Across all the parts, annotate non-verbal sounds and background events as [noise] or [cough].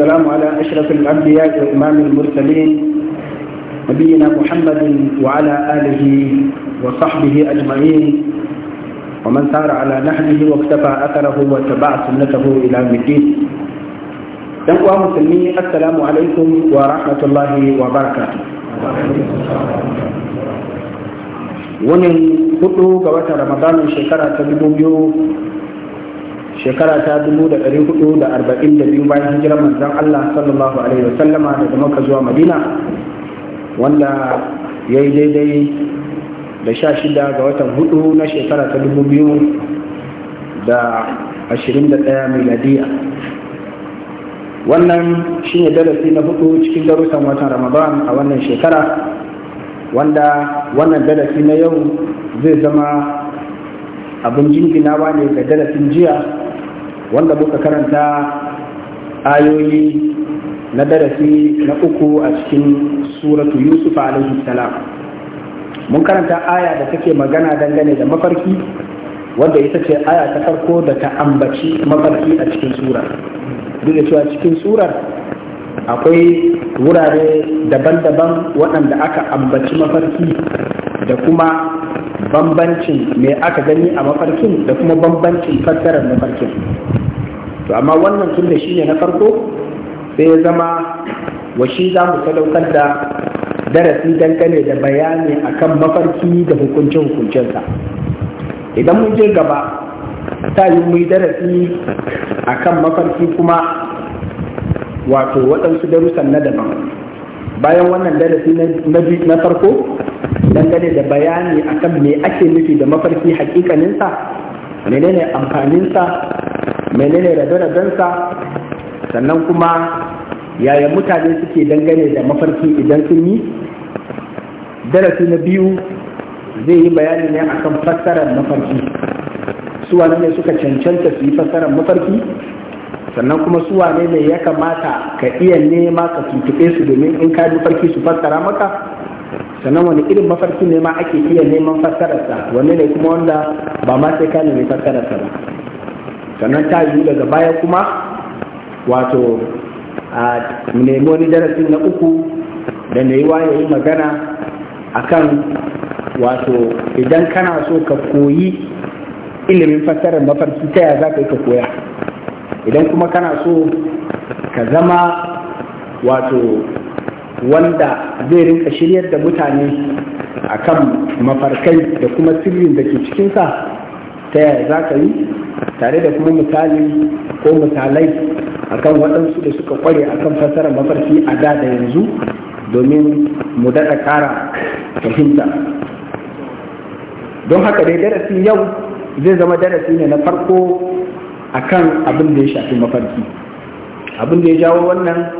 والسلام على أشرف الأنبياء وإمام المرسلين نبينا محمد وعلى آله وصحبه أجمعين ومن سار على نهجه واكتفى أثره واتبع سنته إلى الدين يقوى مسلمي السلام عليكم ورحمة الله وبركاته ومن قطو رمضان الشيكرة تبدو shekara ta dubu da ɗari hudu da arba'in da biyu bayan hijirar manzon Allah sallallahu alaihi wa sallama daga Makka zuwa Madina wanda ya yi daidai da sha shida ga watan hudu na shekara ta dubu biyu da ashirin da ɗaya miladiya wannan shine ne darasi na hudu cikin darussan watan ramadan a wannan shekara wanda wannan darasi na yau zai zama abin jinginawa ne ga darasin jiya wanda muka karanta ayoyi na darasi na uku a cikin suratu yusuf alaihi salam mun karanta aya da take magana dangane da mafarki wanda ita ce aya ta farko da ta ambaci mafarki a cikin sura duk da cewa cikin surar akwai wurare daban-daban waɗanda aka ambaci mafarki da kuma bambancin mai aka gani a mafarkin da kuma bambancin fassarar mafarkin to amma wannan tun da shi ne na farko sai ya zama wa shi za mu sadaukar da darasi dangane da bayani akan mafarki da hukuncin hukuncinsa idan mun je gaba ta yi mu darasi akan mafarki kuma wato waɗansu darussan na daban bayan wannan darasi na farko dangane da bayani akan me ake nufi da mafarki hakikaninsa menene amfaninsa menene rabe-rabensa sannan kuma yaya mutane suke dangane da mafarki idan sun yi darasi na biyu zai yi bayani ne akan fassarar mafarki suwa ne suka cancanta su yi fassarar mafarki sannan kuma suwa ne ne ya kamata ka iya nema ka tuntuɓe su domin in ka mafarki su fassara maka sannan wani irin mafarki ne ma ake iya neman fassararsa wanne ne kuma wanda ba ma sai ka nemi fassararsa ba sannan ta yiwu daga baya kuma wato a nemi wani darasin na uku da na yiwa ya yi magana akan wato idan kana so ka koyi ilimin fassarar mafarki ta yaya za ka yi ka koya idan kuma kana so ka zama wato wanda zai rinka shiryar da mutane akan mafarkai da kuma sirrin da ke cikinsa ta yaya za ka yi tare da kuma misali ko misalai akan waɗansu da suka kware akan fassara mafarki a da da yanzu domin mu daɗa ƙara fahimta don haka dai darasi yau zai zama darasi ne na farko akan abin da ya shafi mafarki abin da ya jawo wannan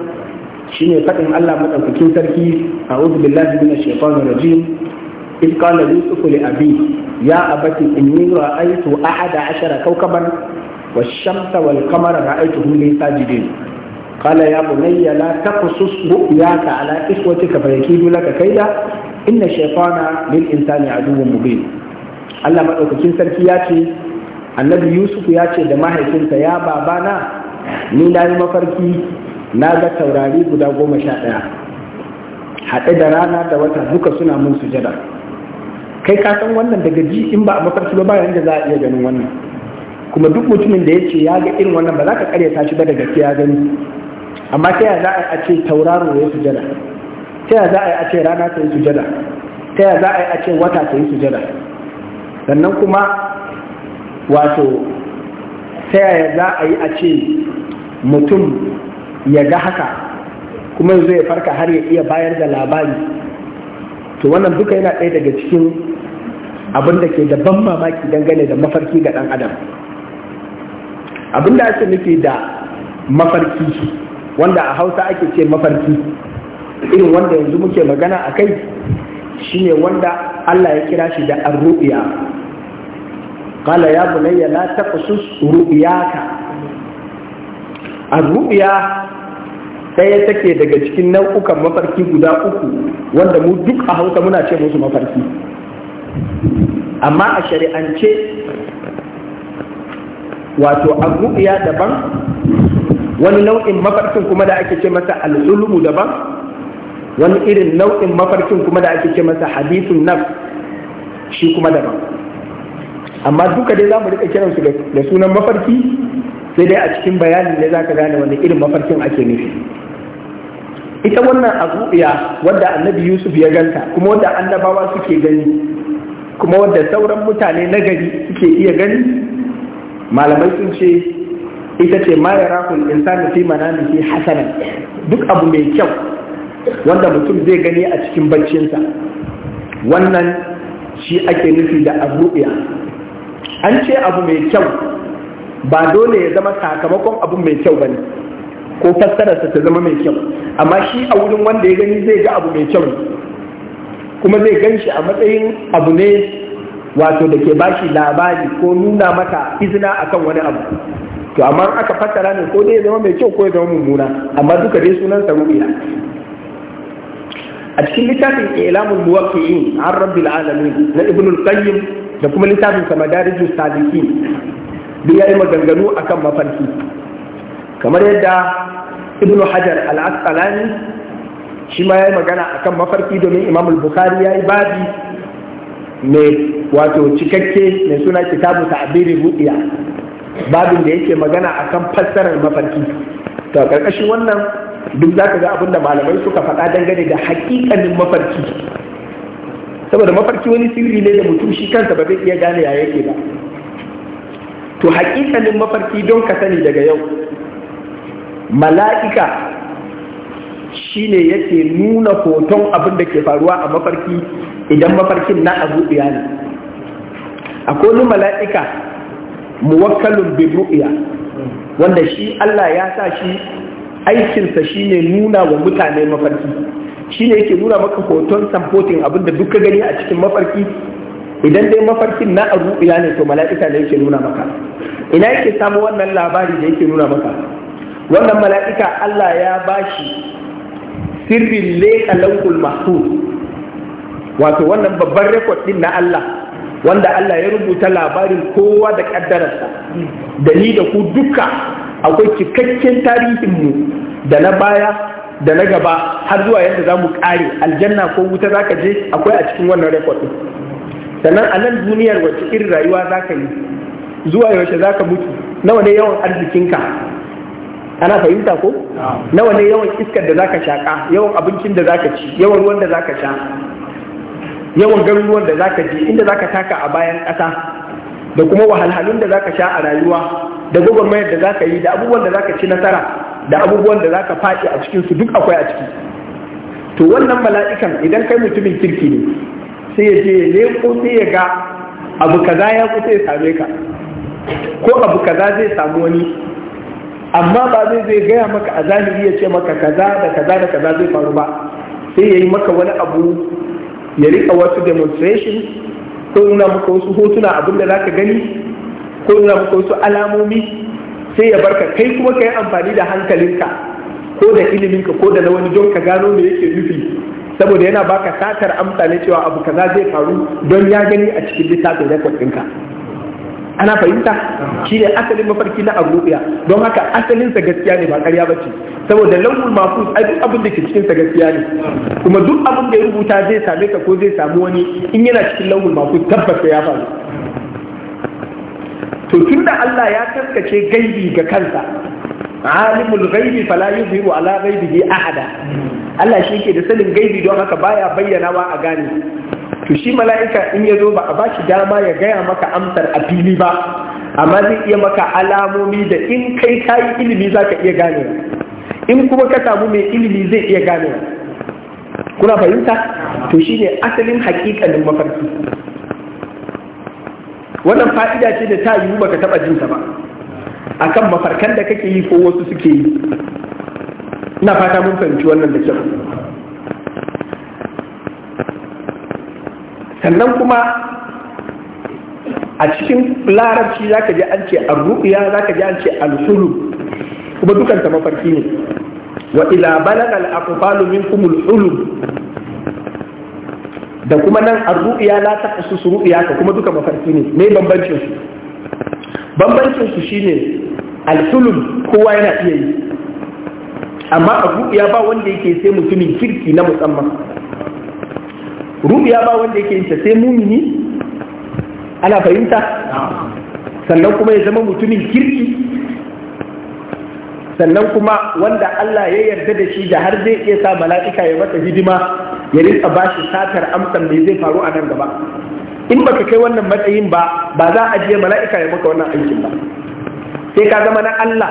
shine faɗin Allah maɗaukakin sarki a uzu billahi min ash-shaytanir rajim إذ قال يوسف لأبيه يا أبت إني رأيت أحد عشر كوكبا والشمس والقمر رأيتهم لي ساجدين قال يا بني لا تقصص رؤياك على إخوتك فيكيد لك كيدا إن الشيطان للإنسان عدو مبين Allah maɗaukakin sarki ya ce annabi Yusuf ya ce da mahaifinsa ya babana ni na yi mafarki na ga taurari guda goma sha ɗaya haɗe da rana da wata duka suna mun sujada kai ka san wannan daga ji in ba a mafarki ba bayan da za a iya ganin wannan kuma duk mutumin da ya ce ya ga irin wannan ba za ka karyata shi ba da gaske ya gani amma ta yaya za a ce tauraro ya su jada, ta yaya za a yi ce rana ta yi su jada, ta yaya za a yi ce wata ta yi su jada. sannan kuma wato ta yaya za a yi a ce mutum ya ga haka kuma yanzu ya farka har ya iya bayar da labari to wannan duka yana ɗaya daga cikin abin da ke da ban mamaki dangane da mafarki ga ɗan adam abin da ake nufi da mafarki wanda a hausa ake ce mafarki irin wanda yanzu muke magana a kai shine wanda Allah ya kira shi da arru'iya qala ya bunayya la taqsus ru'yaka arru'iya sai take daga cikin nau'ukan mafarki guda uku wanda mu duk a hausa muna ce musu mafarki amma a shari'ance wato abubuwa daban wani nau'in mafarkin kuma da ake ce masa al'ulmu daban wani irin nau'in mafarkin kuma da ake ce masa hadithun naf shi kuma daban amma duka dai za mu rika kiransu da sunan mafarki sai dai a cikin bayani ne za ka gane wani irin mafarkin ake nufi ita wannan abubuwa wadda annabi yusuf ya ganta kuma wadda annabawa suke gani kuma wadda sauran mutane na gari suke iya gani malamai sun ce ita ce ma yarakul insani fi manamihi hasana duk abu mai kyau wanda mutum zai gani a cikin baccinsa wannan shi ake nufi da arru'iya an ce abu mai kyau ba dole ya zama sakamakon abu mai kyau bane ko fassararsa ta zama mai kyau amma shi a wurin wanda ya gani zai ga abu mai kyau ne kuma zai gan shi a matsayin abu ne wato da ke bashi labari ko nuna mata izina akan wani abu to amma aka fassara ne ko dai zama mai kyau ko ya zama mummuna amma duka dai sunan sa rubiya a cikin littafin ilamul muwaqqi'in an rabbil alamin na ibnul qayyim da kuma littafin sa madarijus da duk yayi maganganu akan mafarki kamar yadda ibnu hajar al-asqalani shi ma ya yi magana akan mafarki domin Imam al-Bukhari yi babi mai wato cikakke mai suna kitabu abiri ru'ya babin da yake magana akan fassarar mafarki to karkashin wannan duk za ka ga abin da malamai suka faɗa dangane da haƙiƙanin mafarki saboda mafarki wani sirri ne da mutum shi kansa ba zai iya gane ya yake ba to haƙiƙanin mafarki don ka sani daga yau mala'ika Shi ne yake nuna hoton abin da ke faruwa a mafarki idan mafarkin na abu ne A koli mala'ika muwakkalin bi wanda shi Allah ya sa shi aikinsa shine nuna wa mutane mafarki Shi ne yake nuna maka hoton samfotin abin da duka gani a cikin mafarki idan dai mafarkin na ru'ya ne to mala'ika ne yake nuna maka ina yake samu wannan labari da yake nuna maka wannan mala'ika Allah ya bashi sirrin leƙa laukul mahfuz wato wannan babban rekod din na Allah wanda Allah ya rubuta labarin kowa da ƙaddararsa da ni da ku duka akwai cikakken tarihinmu da na baya da na gaba har zuwa yadda za mu ƙare aljanna ko wuta za ka je akwai a cikin wannan rekod din sannan a nan duniyar wacce irin rayuwa za ka yi zuwa yaushe za ka mutu nawa ne yawan arzikinka ana fahimta ko nawa ne yawan iskar da zaka shaka yawan abincin da zaka ci yawan ruwan da zaka sha yawan garuruwan da zaka je inda zaka taka a bayan ƙasa da kuma wahalhalun da zaka sha a rayuwa da gwagwarmayar da zaka yi da abubuwan da zaka ci nasara da abubuwan da zaka faɗi a cikin su duk akwai a ciki to wannan mala'ikan idan kai mutumin kirki ne sai ya je leko sai ya ga abu kaza ya kusa ya same ka ko abu kaza zai samu wani amma ba zai zai gaya maka a zahiri ya ce maka kaza da kaza da kaza zai faru ba sai ya yi maka wani abu ya rika wasu demonstration ko nuna maka wasu hotuna abin da zaka gani ko nuna maka wasu alamomi sai ya barka kai kuma ka yi amfani da hankalinka ko da iliminka ko da na wani don ka gano me yake nufi saboda yana baka satar amsa ne cewa abu kaza zai faru don ya gani a cikin littafin rekod ɗinka. ana fahimta shi ne asalin mafarki na arruya don haka asalin sa gaskiya ne ba ba bace saboda lamun mafu a duk abin da ke cikin sa gaskiya ne kuma duk abin da ya rubuta zai same ka ko zai samu wani in yana cikin lamun mafu tabbata ya faru to tun da Allah ya kaskace gaibi ga kansa alimul ghaibi fala yuzhiru ala ghaibihi ahada Allah shi yake da sanin gaibi don haka baya bayyana wa a gane to shi mala'ika in ya zo ba a shi dama ya gaya maka amsar a fili ba amma zai iya maka alamomi da in kai ka yi ilimi za ka iya gane in kuma ka samu mai ilimi zai iya gane kuna fahimta to shi ne asalin hakikalin mafarki wannan fa'ida ce da ta yiwu baka taba jin jinta ba akan mafarkan da kake yi ko wasu suke yi ina fata mun fahimci wannan da kyau sannan kuma a cikin larabci za ka ji an ce a rukiya za ka ji an ce alhulu kuma dukan ta mafarki ne wa ila balaga al-aqfalu minkum al-hulum da kuma nan a rukiya la ta kasu rukiya ka kuma duka mafarki ne me bambancin su bambancin su shine al kowa yana iya yi amma rukiya ba wanda yake sai mutumin kirki na musamman ya ba wanda yake yin ta sai mumini ana fahimta sannan kuma ya zama mutumin kirki sannan kuma wanda Allah ya yarda da shi da har zai iya sa mala'ika ya mata hidima ya rinka ba shi satar amsan da zai faru a nan gaba in baka kai wannan matsayin ba ba za a ajiye mala'ika ya maka wannan aikin ba sai ka zama na Allah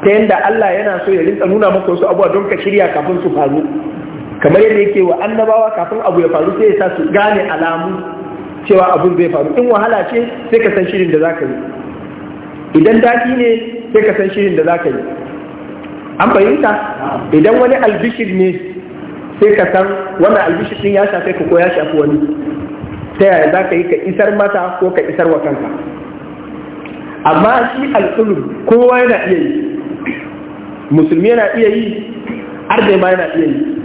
ta yanda Allah yana so ya rinka nuna maka wasu abuwa don ka shirya kafin su faru kamar yadda yake wa annabawa kafin abu ya faru sai ya sa su gane alamu cewa abun zai faru in wahala ce sai ka san shirin da za ka yi idan daɗi ne sai ka san shirin da za ka yi an fahimta idan wani albishir ne sai ka san wani albishir ɗin ya shafe ka ko ya shafi wani ta yaya za ka yi ka isar mata ko ka isar wa kanka amma shi alƙulun kowa yana iya yi musulmi yana iya yi arzai ma yana iya yi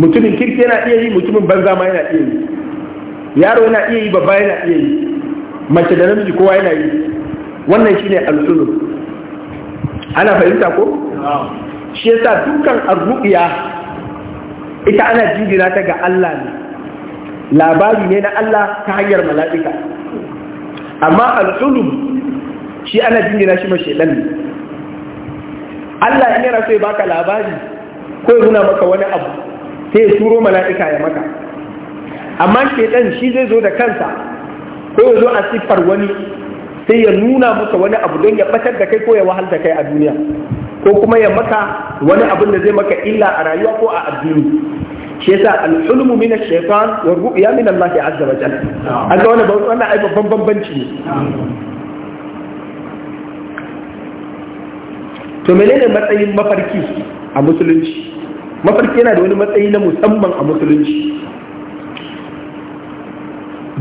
mutumin kirki yana iya yi mutumin banza ma yana iya yi yaro yana iya yi babba yana iya yi mace da namiji kowa yana yi wannan shine al'ulum ana fahimta ko shi yasa dukkan arru'iya ita ana jingina ta ga Allah ne labari ne na Allah ta hanyar mala'ika amma al'ulum shi ana jingina shi mashedan ne Allah in yana so ya baka labari ko ya nuna maka wani abu sai turo mala'ika ya maka amma shaitan shi zai zo da kansa ko ya zo a siffar wani sai ya nuna maka wani abu don ya batar da kai ko ya wahal da kai a duniya ko kuma ya maka wani abin da zai maka illa a rayuwa ko a addini shi yasa al-ulmu min ash-shaytan wa ru'ya min Allah azza wa jalla wani wannan wannan ai babban bambanci ne to menene matsayin mafarki a musulunci mafarki yana da wani matsayi na musamman a musulunci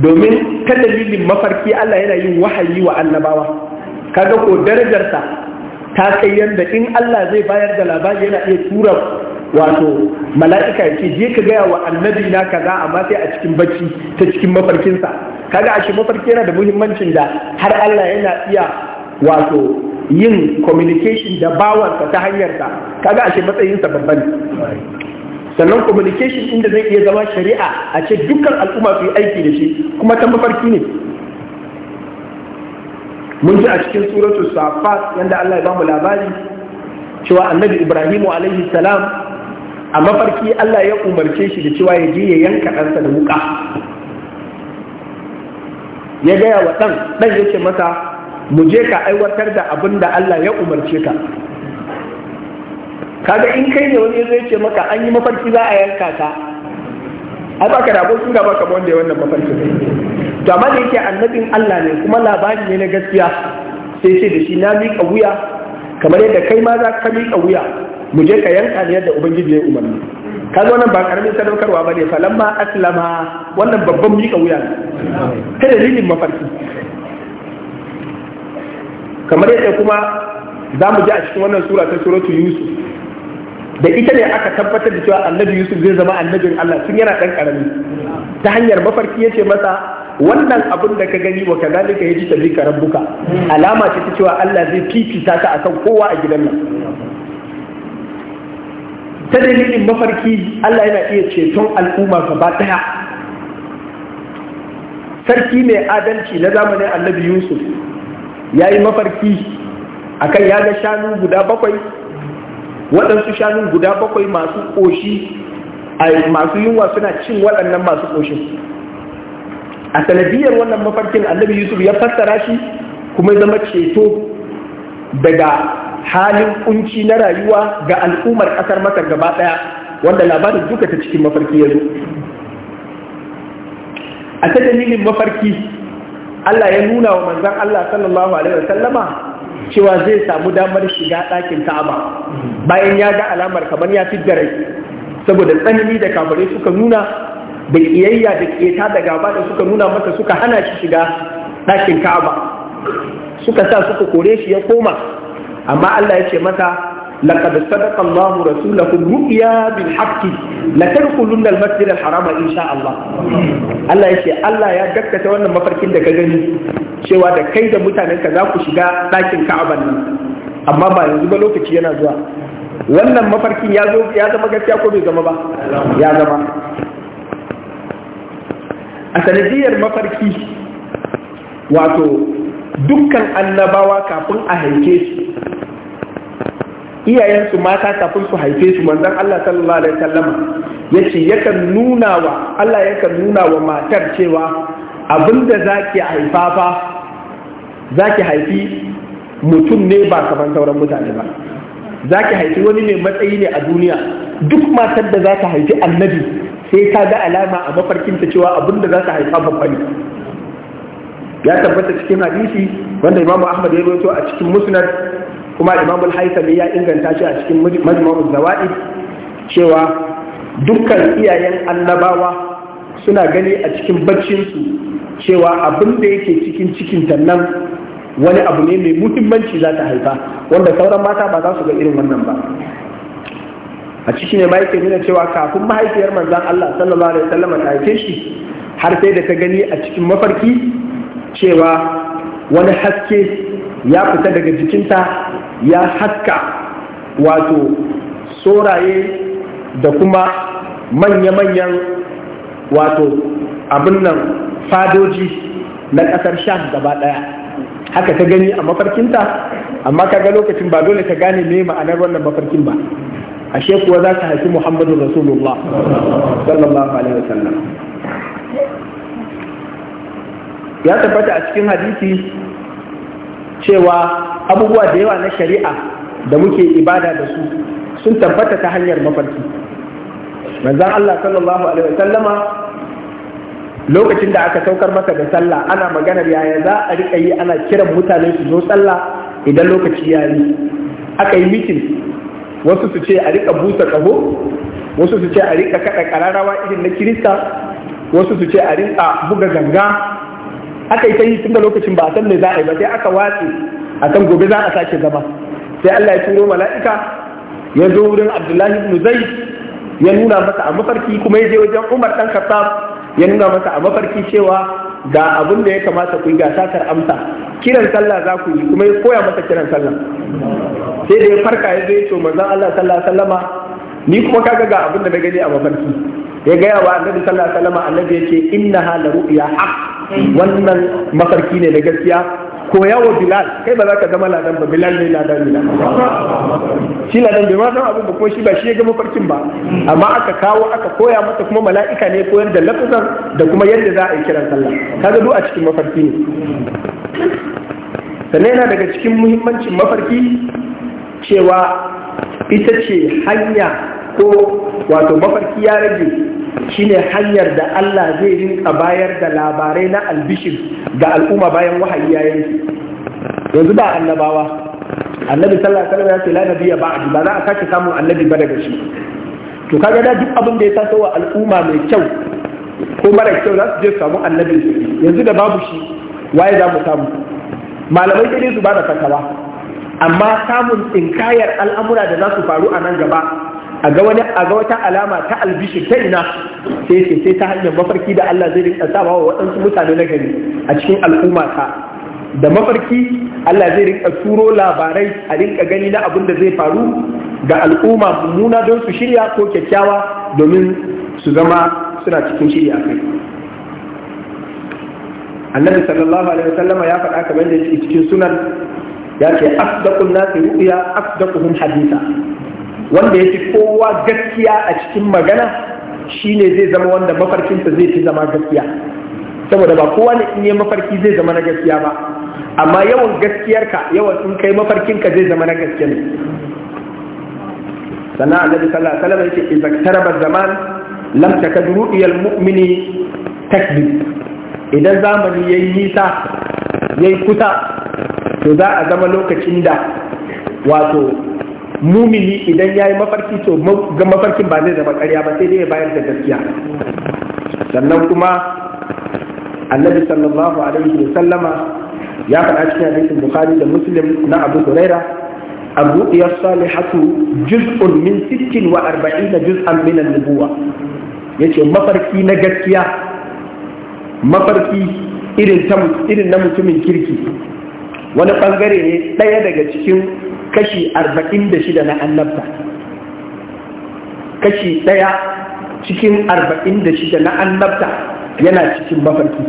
domin ta dalilin mafarki Allah yana yin wahayi wa annabawa kaga ko darajarsa ta kai yadda in Allah zai bayar da labari yana iya tura wato mala'ika ya ce je ka gaya wa annabi na kaza amma sai a cikin bacci ta cikin mafarkinsa kaga ashe mafarki yana da muhimmancin da har Allah yana iya wato yin communication da bawansa ta hanyarsa kaga ashe matsayinsa babban bukhari sannan communication inda zai iya zama shari'a a ce dukkan al'umma su yi aiki da shi kuma ta mafarki ne mun ji a cikin suratu safat yadda Allah ya bamu labari cewa annabi ibrahimu alaihi salam a mafarki Allah ya umarce shi da cewa ya je ya yanka ɗansa da wuƙa. ya gaya wa ɗan ɗan ya ce masa mu je ka aiwatar da abin da Allah ya umarce ka kaga in kai ne wani zai ce maka an yi mafarki za a yanka ka ai baka da abokin baka ba wanda wannan mafarki ne to amma da yake annabin Allah ne kuma labari ne na gaskiya sai ce da shi na miƙa wuya kamar yadda kai ma za ka miƙa wuya mu je ka yanka ne yadda ubangiji ya umarni kaga wannan ba karamin sadaukarwa ba ne falamma aslama wannan babban miƙa wuya ne ta dalilin mafarki kamar yadda kuma za mu ji a cikin wannan sura ta suratul yusuf da ita ne aka tabbatar da cewa annabi yusuf zai zama annabin allah tun yana ɗan ƙarami ta hanyar mafarki ya ce masa wannan abin da ka gani wa kazalika yaji tabbika buka alama ce ta cewa allah zai fifita ta kan kowa a gidan nan ta dalilin mafarki allah yana iya ceton al'umma gaba ɗaya sarki mai adalci na zamanin annabi yusuf ya yi mafarki akan ya ga shanu guda bakwai waɗansu shanun guda bakwai masu ƙoshi masu yunwa suna cin waɗannan masu ƙoshin a sanadiyar wannan mafarkin annabi yusuf ya fassara shi kuma zama ceto daga halin ƙunci na rayuwa ga al'ummar ƙasar masar gaba ɗaya wanda labarin duka ta cikin mafarki ya zo a ta dalilin mafarki Allah ya nuna wa manzan Allah sallallahu alaihi wasallama cewa zai samu damar shiga ɗakin ka'aba bayan ya ga alamar kamar ya fi da rai saboda tsanani da kafirai suka nuna da kiyayya da keta da gaba da suka nuna masa suka hana shi shiga ɗakin ka'aba suka sa suka kore shi ya koma amma Allah ya ce mata, masa لقد صدق الله رسوله الرؤيا بالحق لتدخلن المسجد harama insha Allah Allah ya ce Allah ya gaskata wannan mafarkin da ka gani cewa da kai da mutanenka za ku shiga ɗakin ka'aban nan amma ba yanzu ba lokaci yana zuwa wannan mafarkin ya zo ya zama gaskiya ko bai zama ba ya zama a sanadiyar mafarki wato dukkan annabawa kafin a haife su iyayensu mata kafin su haife su manzon Allah sallallahu alaihi wasallam yace yakan nuna wa Allah yakan nuna wa matar cewa abinda zaki haifa zaki haifi mutum ne ba kaman sauran mutane ba zaki haifi wani mai matsayi ne a duniya duk matar da za ta haifi annabi sai ta ga alama a mafarkinta cewa abinda za ta haifa babba ne ya tabbata cikin hadisi wanda Imam ahmad ya rawaito a cikin musnad kuma imamu al ya inganta shi a cikin majmu'u zawaid cewa dukkan iyayen annabawa suna gani a cikin baccinsu cewa abin da yake cikin cikinta nan wani abu ne mai muhimmanci za ta haifa wanda sauran mata ba za su ga irin wannan ba a ciki ne ma yake nuna cewa kafin mahaifiyar manzan Allah sallallahu alaihi wasallam ta haife shi har sai da ta gani a cikin mafarki cewa wani haske ya fita daga jikinta ya haska wato soraye da kuma manya-manyan wato abin nan fadoji na ƙasar sham gaba ɗaya haka ta gani a mafarkinta amma ka ga lokacin ba dole ta gane me ma'anar wannan mafarkin ba ashe kuwa za ta haifi Muhammadu rasulullah sallallahu alaihi wasallam ya tabbata a cikin hadisi cewa abubuwa da yawa na shari'a da muke ibada da su sun tabbata ta hanyar mafarki manzan Allah sallallahu alaihi wasallama lokacin da aka saukar masa da sallah ana maganar yaya za a riƙa yi ana kiran mutane su zo sallah idan lokaci ya yi aka yi mitin wasu su ce a riƙa busa ƙaho wasu su ce a riƙa kaɗa ƙararrawa irin na kirista wasu su ce a riƙa buga ganga aka yi ta yi tunda lokacin ba a san me za a yi ba sai aka watse a kan gobe za a sake zama sai Allah ya turo mala'ika ya zo wurin Abdullahi ibn Zayd ya nuna masa a mafarki kuma ya je wajen Umar dan Khattab ya nuna masa a mafarki cewa ga abin da ya kamata ku yi ga satar amsa kiran sallah za ku yi kuma ya koya masa kiran sallah sai da ya farka ya zo ya ce manzon Allah sallallahu alaihi ni kuma kaga ga abin da na gani a mafarki ya gaya wa annabi sallallahu alaihi wasallama annabi yace innaha la ru'ya haqq wannan mafarki ne na gaskiya koya wa bilal kai ba za ka zama ladan ba bilal ne ladan ne shi ladan bai ma san abin ba ko shi ba shi ya ga mafarkin ba amma aka kawo aka koya mata kuma mala'ika ne koyar da lafazan da kuma yadda za a yi kiran sallah kaga du a cikin mafarki ne sannan yana daga cikin muhimmancin mafarki cewa ita ce hanya ko wato mafarki ya rage shine hanyar da Allah zai rinka bayar da labarai na albishir ga al'umma bayan wahayi yayin yanzu ba annabawa annabi sallallahu alaihi wasallam ya ce la nabiyya ba'd ba za a kace samun annabi ba daga shi to kaga da duk abin da ya taso wa al'umma mai kyau ko mara kyau za su je samu annabi yanzu da babu shi waye za mu samu malamai sai su ba da fatawa amma samun tsinkayar al'amura da za su faru a nan gaba a ga wani a ga wata alama ta albishir ta ina sai ce sai ta hanyar mafarki da Allah zai rinka sa wa waɗansu mutane na gari a cikin al'umma ta da mafarki Allah zai rinka turo labarai a rinka gani na abin da zai faru ga al'umma mummuna don su shirya ko kyakkyawa domin su zama suna cikin shirya kai annabi sallallahu alaihi wasallam ya faɗa kamar da yake cikin sunan ya ce asdaqun nasi ru'ya asdaquhum haditha wanda ya fi kowa gaskiya a cikin magana shine zai zama wanda mafarkinsa zai fi zama gaskiya saboda ba kowa ne in yi mafarki zai zama na gaskiya ba amma yawan gaskiyarka yawan in kai mafarkinka zai zama na gaskiya ne sannan annabi sallallahu alaihi wasallam yake idza taraba zaman lam takad iyal mu'mini takdib idan zamani yayi nisa yayi kusa to za a zama lokacin da wato mumini idan ya yi mafarki to ga mafarkin ba zai zama karya ba sai dai ya bayar da gaskiya sannan kuma annabi sallallahu alaihi wa sallama ya faɗa cikin hadisin bukhari da muslim na abu huraira juz'un min sittin wa arba'ina, juz'an min من nubuwa yace mafarki na gaskiya mafarki irin na mutumin kirki wani bangare ne daya daga cikin kashi arba'in da shida na annabta kashi ɗaya cikin arba'in da shida na annabta yana cikin mafarki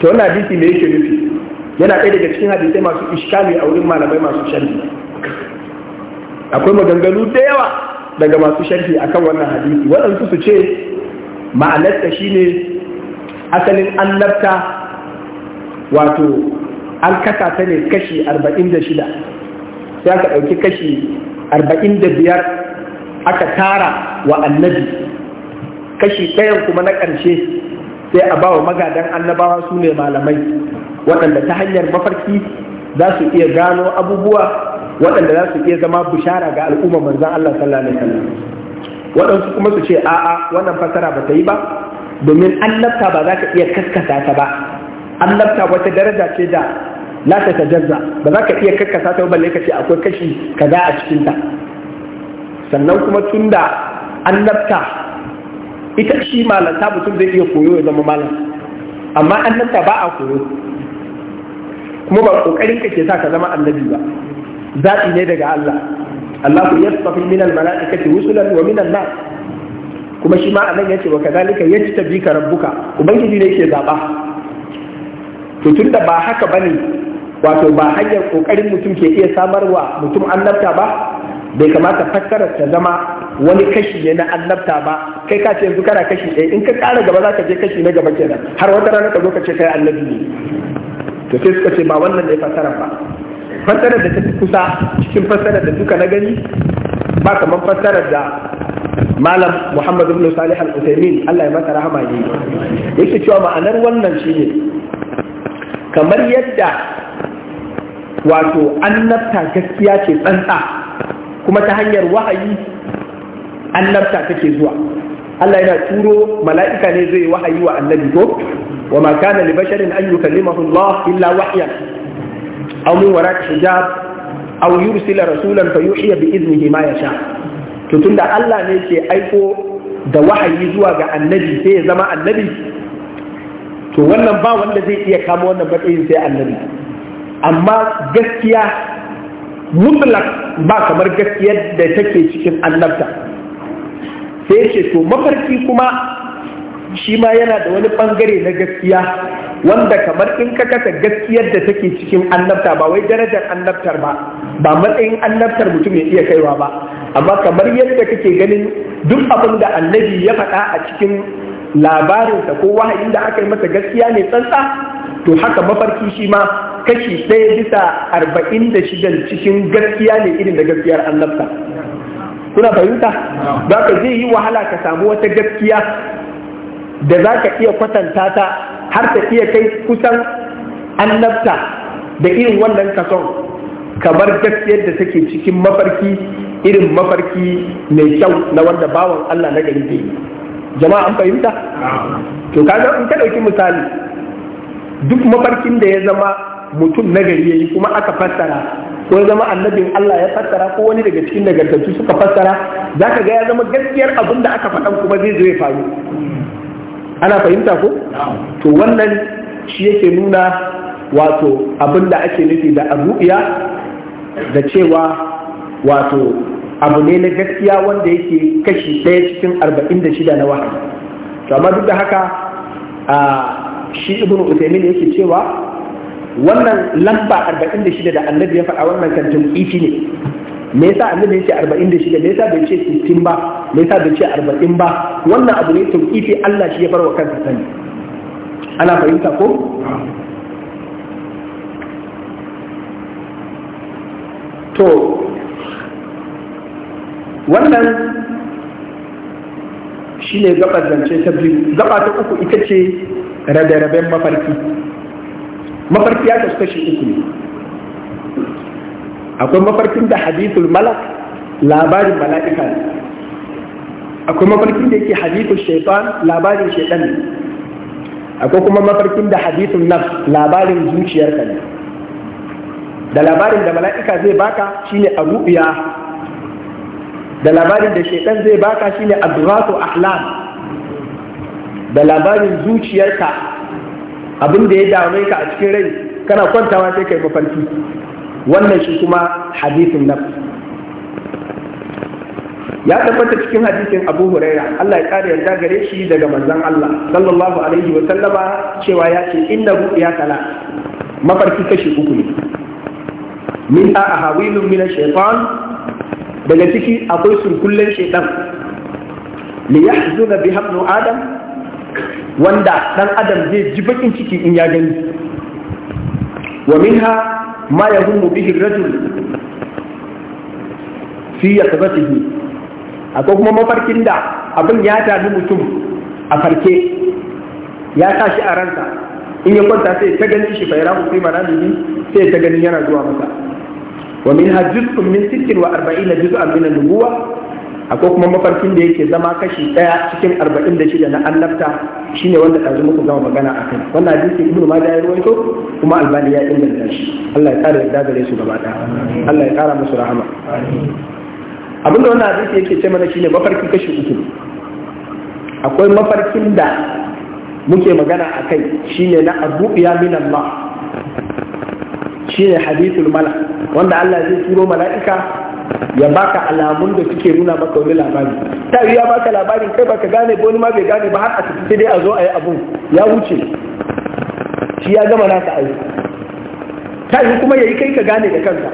to wani hadisi mai yake nufi yana ɗaya daga cikin hadisai masu iskali a wurin malamai masu sharhi akwai maganganu da yawa daga masu sharhi akan wannan hadisi waɗansu su ce ma'anarsa shine asalin annabta wato an kasa ta ne kashi arba'in da shida sai aka ɗauki kashi arba'in da biyar aka tara wa annabi kashi ɗayan kuma na ƙarshe sai a ba wa magadan annabawa su ne malamai waɗanda ta hanyar mafarki za su iya gano abubuwa waɗanda za su iya zama bishara ga al'umma manzan Allah sallallahu alaihi waɗansu kuma su ce a'a wannan fasara ba ta yi ba domin annabta ba za ka iya kaskata ta ba annabta wata daraja ce da la ta tajazza ba za ka iya kakkasa ta balle ka ce akwai kashi kaza a cikin ta sannan kuma tunda annabta ita shi malanta mutum zai iya koyo ya zama malam amma annabta ba a koyo kuma ba kokarin ka ke sa ka zama annabi ba zaɓi ne daga Allah Allah yastafi min al-mala'ikati rusulan wa min an-nas kuma shi ma anan yace wa kadhalika yajtabika rabbuka ubangiji ne yake zaba to tunda ba haka bane wato ba hanyar kokarin mutum ke iya samarwa mutum annabta ba bai kamata fassarar ta zama wani kashi ne na annabta ba kai ka ce yanzu kana kashi ɗaya in ka ƙara gaba za ka je kashi na gaba kenan har wata rana ka zo ka ce kai annabi ne to sai suka ce ba wannan ne fassarar ba fassarar da ta fi kusa cikin fassarar da duka na gani ba kamar fassarar da malam muhammad ibn salih al-usaimin Allah ya masa rahama ne yake cewa ma'anar wannan shi ne kamar yadda wato annabta gaskiya ce tsantsa kuma ta hanyar wahayi annabta take zuwa Allah yana turo mala'ika ne zai wahayi wa annabi ko wa ma kana li basharin an yukallimahu Allah illa wahyan aw min wara'i hijab aw yursila rasulan fayuhiya bi iznihi ma yasha to tunda Allah ne ke aiko da wahayi zuwa ga annabi sai ya zama annabi to wannan ba wanda zai iya kama wannan matsayin sai annabi amma gaskiya mutlak ba kamar gaskiyar da take cikin annabta sai ce to mafarki kuma shi ma yana da wani bangare na gaskiya wanda kamar in ka kasa gaskiyar da take cikin annabta ba wai darajar annabtar ba ba matsayin annabtar mutum ya iya kaiwa ba amma kamar yadda kake ganin duk abin da annabi ya faɗa a cikin labarinsa ko wahayin da aka yi masa gaskiya ne tsantsa to haka mafarki shi ma kashi ɗaya bisa arba'in da shidan cikin gaskiya ne irin da gaskiyar annabta kuna fahimta ba ka zai yi wahala ka samu wata gaskiya da za ka iya kwatanta ta har ta iya kai kusan annabta da irin wannan kason kamar gaskiyar da take cikin mafarki irin mafarki mai kyau na wanda bawan Allah na gari yi jama'a an fahimta to kaga in ka ɗauki misali duk mafarkin da ya zama mutum na nagari yayi kuma aka fassara ko ya zama annabin Allah ya fassara ko wani daga cikin nagartattu suka fassara zaka ga ya zama gaskiyar abin da aka faɗan kuma zai zo ya faru ana fahimta ko to wannan shi yake nuna wato abin da ake nufi da arru'iya da cewa wato abu ne na gaskiya wanda yake kashi ɗaya cikin arba'in da shida na wahayi to amma duk da haka a shi ibnu usaimin yake cewa wannan lamba 46 da annabi ya faɗa wannan kan jam'ifi ne me yasa annabi ya ce 46 me yasa bai ce 60 ba me yasa bai ce 40 ba wannan abu ne tauqifi Allah shi ya farwa kansa sani ana fahimta ko to wannan shi ne gabar zance ta biyu gaba ta uku ita ce rabe-raben mafarki mafarki ya kasu kashi uku ne akwai mafarkin da hadithul malak labarin mala'ika ne akwai mafarkin da yake hadithul shaitan labarin shaitan ne akwai kuma mafarkin da hadithul nafs labarin zuciyarka ne da labarin da mala'ika zai baka shine a da labarin da shaitan zai baka shine adghatu ahlam da labarin zuciyarka abin da ya dame ka a cikin rai kana kwantawa sai kai mafarki wannan shi kuma hadisin nafs ya tabbata cikin hadisin Abu Huraira Allah ya kare yarda gare shi daga manzon Allah sallallahu alaihi wa sallama cewa ya ce innahu ya kala mafarki kashi uku ne min a ahawilun min shaytan daga ciki akwai surkullen shaytan li yahzuna bi habnu adam wanda dan adam zai ji bakin ciki in ya gani wa minha ma yahummu bihi ar-rajul fi yaqbatihi akwai kuma mafarkin da abin ya tafi mutum a farke ya tashi a ranka in ya kwanta sai ta gani shi bai rahu sai ne sai ta gani yana zuwa masa wa minha juz'un min sittin wa juz'an min an nubuwah akwai kuma mafarkin da yake zama kashi ɗaya cikin arba'in da shida na annabta shine wanda ɗazu muku gama magana a kai wannan hadisi ibnu majah ya ruwaito kuma albani ya inganta shi Allah ya ƙara yarda gare su gaba ɗaya Allah ya ƙara musu rahama abin da wannan hadisi yake ce mana shine mafarki kashi uku akwai mafarkin da muke magana a kai shine na abu ya min Allah shine hadithul malak wanda Allah zai turo mala'ika ya baka alamun da suke nuna maka wani labari ta ya baka labarin kai baka gane ba wani ma bai gane ba har a tafi dai a zo a yi abu ya wuce shi ya gama nasa aiki ta yi kuma yayi kai ka gane da kanka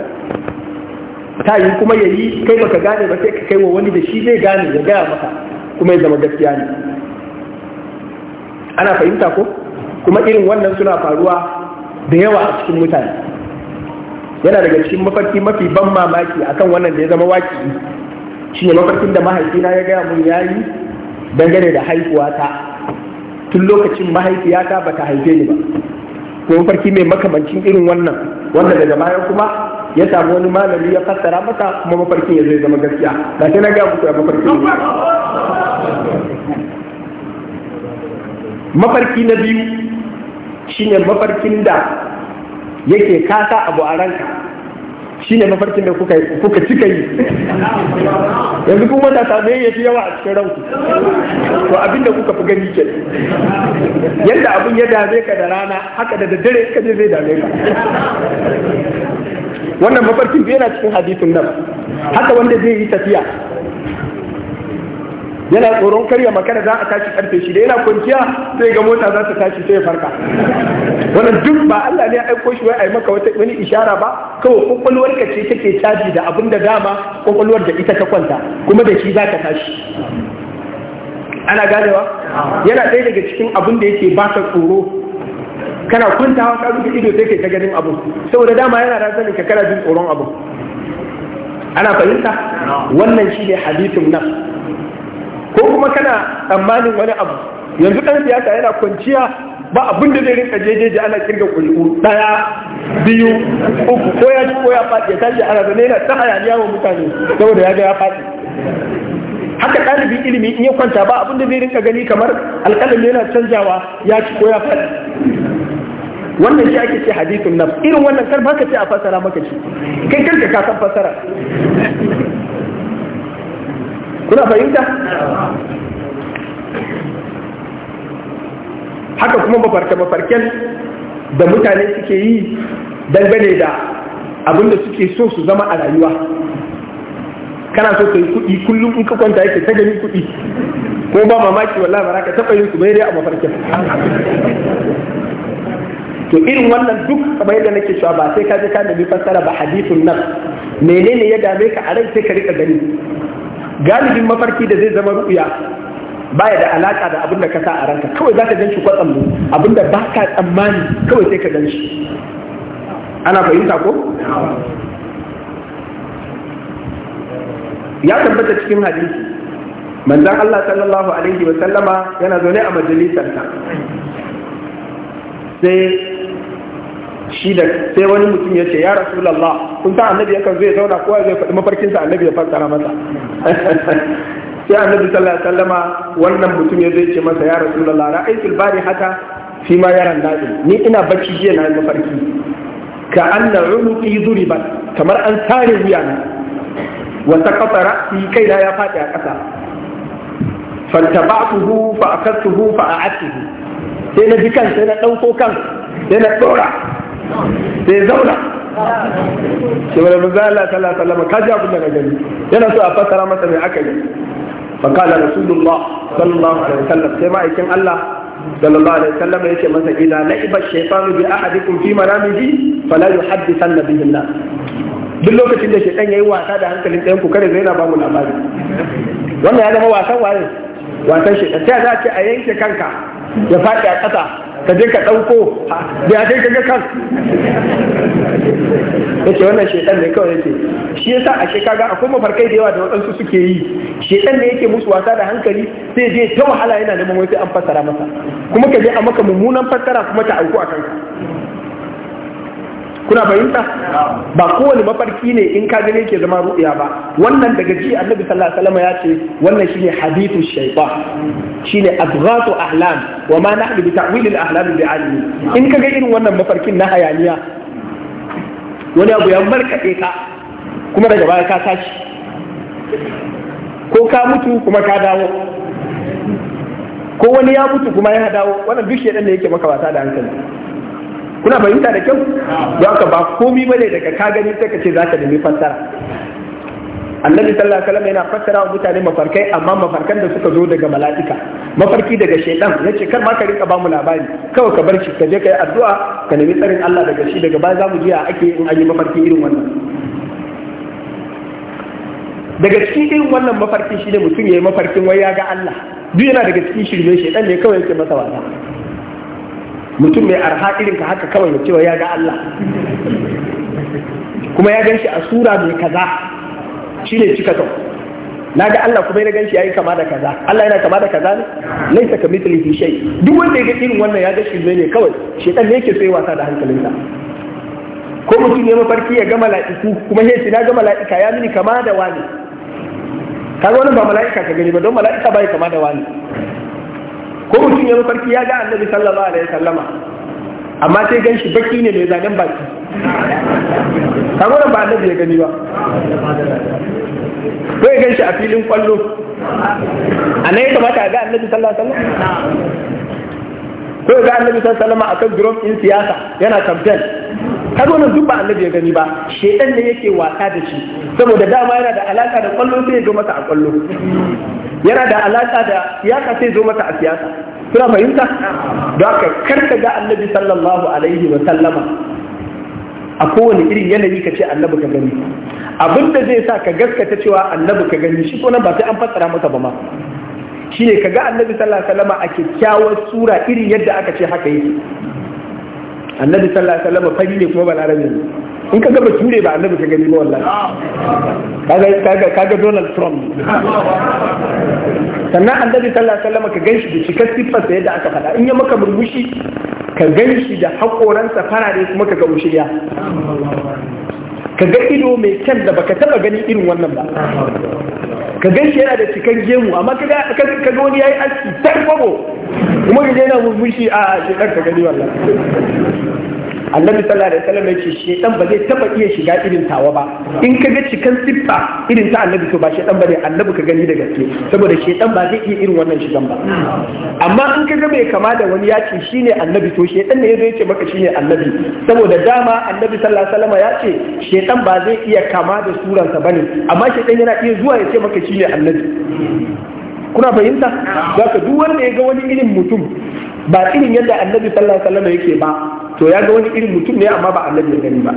ta yi kuma yayi kai baka gane ba sai ka kai wa wani da shi zai gane ya gaya maka kuma ya zama gaskiya ne ana fahimta ko kuma irin wannan suna faruwa da yawa a cikin mutane yana daga cikin mafarki mafi ban mamaki akan wannan da ya zama waki shine mafarkin da mahaifina ya gaya mun yayi dangane da ta? tun lokacin mahaifiyata ba ta haife ni ba ko mafarki mai makamancin irin wannan wanda daga baya kuma ya samu wani malami ya fassara maka kuma mafarkin ya zai zama gaskiya ba sai na ga muku mafarkin mafarki na biyu shine mafarkin da yake kasa abu a ranka shi ne mafarkin da kuka cika yi yanzu kuma da same ya fi yawa a cikin ranku to abinda kuka fi gani ke yadda abin ya dame ka da rana haka da daddare ka je zai dame ka wannan mafarkin yana cikin hadithun nan haka wanda zai yi tafiya yana tsoron karya makara za a tashi karfe shi da yana kwanciya sai ga mota za ta tashi sai ya farka wannan duk ba Allah ne ya aiko shi wai yi maka wata wani ishara ba kawai kwakwalwar ka ce take caji da abin da dama kwakwalwar da ita ta kwanta kuma da shi za ka tashi ana ganewa yana ɗaya daga cikin abin da yake baka tsoro kana kuntawa ka rufe ido sai kai ta ganin abu saboda dama yana da ka kana jin tsoron abu ana fahimta wannan shi ne hadithun nan ko kuma kana tsammanin wani abu yanzu ɗan siyasa yana kwanciya ba abin da zai rinka jejeje ana kirga kuri'u ɗaya biyu uku ko ya ci ko ya faɗi ya tashi ana zane yana ta hayaniya wa mutane saboda ya ga ya faɗi haka ɗalibin ilimi in ya kwanta ba abin da zai rinka gani kamar alƙalin yana canjawa ya ci ko ya faɗi wannan shi ake ce hadithun nafs irin wannan kar ka ce a fasara maka ce kai kanka ka san fasara. kuna fahimta haka kuma mafarka mafarken da mutane suke yi dangane da abinda suke so su zama a rayuwa kana so ka yi kuɗi kullum in ka kwanta yake ta gani kuɗi ko ba mamaki wallah ba ka taba yin su bai a mafarkin to irin wannan duk kamar yadda nake cewa ba sai ka je ka nemi fassara ba hadithun nan menene ya dame ka a rai sai ka rika gani galibin mafarki da zai zama ba baya da alaƙa da abin da ka sa a ranka kawai za ka gan shi kwatsam ne abin da ba ka tsammani kawai sai ka gan shi ana fahimta ko ya tabbata cikin hadisi manzan Allah sallallahu alaihi wa sallama yana zaune a majalisarsa sai shi da sai wani mutum ya ce ya rasulullah kun ta annabi yakan zai zauna kowa zai faɗi mafarkinsa annabi ya fassara masa [laughs] sai annabi sallallahu alaihi wasallama wannan mutum ya zai ce masa ya rasulullah ra'aytul bari hata fi ma yaran nadi ni ina bacci jiya na mafarki ka anna umuqi duribat kamar an tare wuya na wa taqata ra'si kai da ya faɗi a ƙasa fantaba'tuhu fa akatuhu fa a'atuhu sai na bi kan sai na ɗauko kan sai na ɗora sai zauna shi wani manzo Allah sallallahu alaihi wasallam kaji abin da gani yana so a fassara masa mai aka yi fa qala rasulullah sallallahu alaihi wasallam sai ma'aikin Allah sallallahu alaihi wasallam yace masa idan laiba shaytanu bi ahadikum fi manamihi fala yuhaddithanna bihi an duk lokacin da shaytan yayi wasa da hankalin ɗayan ku kare zai na ba mu labari wannan ya zama wasan waye wasan shaytan sai za a ce a yanke kanka ya faɗi a ƙasa ka je ka ɗauko da kai ka ga kan yace wannan shedan ne kawai yake shi yasa a Shekara ga akwai mafarkai da yawa da waɗansu suke yi shedan ne yake musu wasa da hankali sai je ta wahala yana neman wai sai an fassara masa kuma ka je a maka mummunan fassara kuma ta auku a kanka kuna fahimta ba kowane mafarki ne in ka gane ke zama ruɗiya ba wannan daga ji annabi sallallahu alaihi wasallam ya ce wannan shine hadithu shaytan shine adghatu ahlam wa ma nahnu bi ta'wil al ahlam bi alimi in ka ga irin wannan mafarkin na hayaniya wani abu ya markade ka kuma daga baya ka tashi ko ka mutu kuma ka dawo ko wani ya mutu kuma ya dawo wannan duk shedan ne yake maka wasa da hankali kuna fahimta da kyau don haka ba komi bane daga ka gani sai ka ce zaka nemi fassara annabi sallallahu alaihi wasallam yana fassara wa mutane mafarkai amma mafarkan da suka zo daga mala'ika mafarki daga shaitan yace kar ma ka rinka ba mu labari kawai ka bar shi ka je ka yi addu'a ka nemi tsarin Allah daga shi daga baya za ji jiya ake in an yi mafarki irin wannan daga cikin irin wannan mafarkin shi ne mutum ya yi mafarkin wai ya ga Allah duk yana daga cikin shirme ɗan ne kawai yake masa wasa mutum mai arha irin ka haka kawai cewa ya ga Allah kuma ya gan shi a sura mai kaza shi ne cika kau na ga Allah kuma ya gan shi ya yi kama da kaza Allah yana kama da kaza ne laisa ka mitali fi shai, duk wanda ya ga irin wannan ya ga shi ne kawai shekar ne yake sai wasa da hankalinsa ko mutum ya mafarki ya ga mala'iku kuma ya ce na ga mala'ika ya mini kama da wani kaga wani ba mala'ika ka gani ba don mala'ika ya kama da wani ko mutum ya mafarki ya ga annabi sallallahu alaihi sallama, amma sai gan shi baki ne mai zanen baki kamar ba annabi ya gani ba ko ya gan shi a filin kwallo a nan ya kamata a ga annabi sallallahu alaihi ko ya ga annabi sallallahu alaihi wasallam akan drum in siyasa yana kamfen. kaga wannan zuba annabi ya gani ba shedan ne yake wasa da shi saboda dama yana da alaka da kwallo sai ya zo masa a kwallo yana da alaka da siyasa sai zo masa a siyasa kuna fahimta don aka karka ga annabi sallallahu alaihi wa sallama a kowane irin yanayi ka ce annabi ka gani abin da zai sa ka gaskata cewa annabi ka gani shi ko nan ba sai an fassara masa ba ma ka ga annabi sallallahu alaihi sallama a kyakkyawar sura irin yadda aka ce haka yake annabi sallallahu alaihi wasallam fari ne kuma balarabe ne in ka gaba ture ba annabi ka gani ba wallahi kaga kaga kaga Donald Trump sannan annabi sallallahu alaihi wasallam ka ganshi da cikar siffar sa yadda aka faɗa in ya maka murmushi ka ganshi da fara farare kuma ka ga ushiya ka ga ido mai kyan da baka taba gani irin wannan ba ka gan shi yana da cikin gemu amma ka ga wani ya yi aski tar kuma ka na murmushi a shekar ka gani wallah annabi sallallahu alaihi wasallam yace shedan ba zai taba iya shiga irin tawa ba in ka ga cikan siffa irin ta annabi to ba dan bane annabi ka gani da gaske saboda shi dan ba zai iya irin wannan shigan ba amma in ka ga bai kama da wani ya ce shine annabi to dan ne yazo yace maka shine annabi saboda dama annabi sallallahu alaihi wasallam ya ce dan ba zai iya kama da suransa bane amma shi dan yana iya zuwa ya ce maka shine annabi kuna fahimta za ka duk wanda ya ga wani irin mutum ba irin yadda annabi sallallahu alaihi wasallam yake ba to ya ga wani irin mutum ne amma ba annabi ya gani ba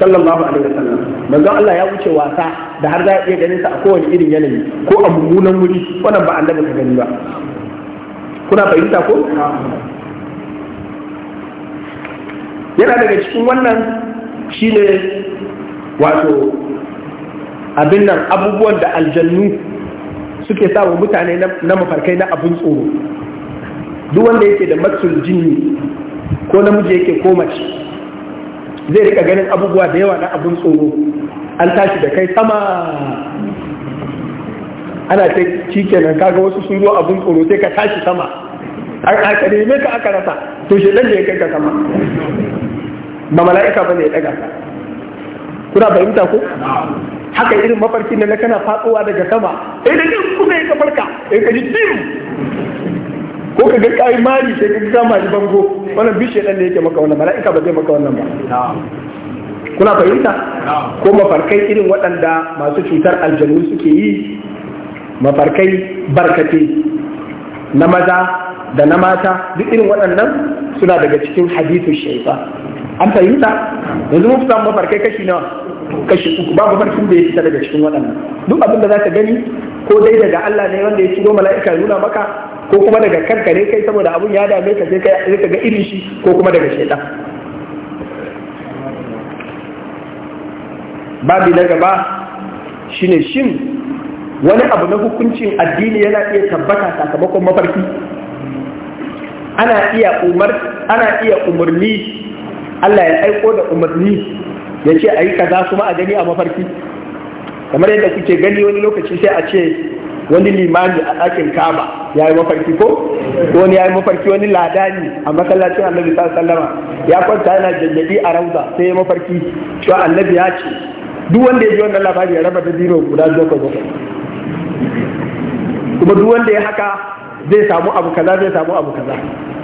sallallahu alaihi wasallam manzo Allah ya wuce wasa da har za a iya ganin sa a kowane irin yanayi ko a mummunan wuri wannan ba annabi ta gani ba kuna fahimta ko yana daga cikin wannan shine wato abin nan abubuwan da aljannu suke wa mutane na mafarkai na abin tsoro duk wanda yake da matsul jinni ko namiji yake ko mace zai rika ganin abubuwa da yawa na abun tsoro an tashi da kai sama ana ta cike nan kaga wasu sun zo abun tsoro sai ka tashi sama aka neme ka aka rasa to shi dan da ya kai ka sama ba mala'ika bane ya daga ka kuna fahimta ko haka irin mafarkin da kana faɗowa daga sama eh da kuma ya kafarka eh ka ji tim ko ka ga kai mali sai ka kama shi bango wannan bishe dan ne yake maka wannan mala'ika ba zai maka wannan ba kuna fahimta ko mafarkai irin waɗanda masu cutar aljanu suke yi mafarkai barkate na maza da na mata duk irin waɗannan suna daga cikin hadithu shaifa an fahimta yanzu mun fita mafarkai kashi nawa kashi uku ba mafarkin da ya fita daga cikin waɗannan duk abin da za ka gani ko dai daga Allah ne wanda ya turo mala'ika nuna maka ko kuma daga kanka ne kai saboda abun ya dame ka sai ka ga irin shi ko kuma daga sheda Babu na gaba shine shin wani abu na hukuncin addini yana iya tabbata sakamakon mafarki ana iya umar ana iya umarni Allah ya aiko da umarni ya ce a yi kaza kuma a gani a mafarki kamar yadda kuke gani wani lokaci sai a ce wani limani a ɗakin kaba ya yi mafarki ko wani ya yi mafarki wani ladani a masallacin annabi sallama ya kwanta yana jajjabi a rauza sai ya mafarki cewa annabi ya ce duk wanda ya ji wannan labari ya raba da zero guda zuwa bakwai kuma duk wanda ya haka zai samu abu kaza zai samu abu kaza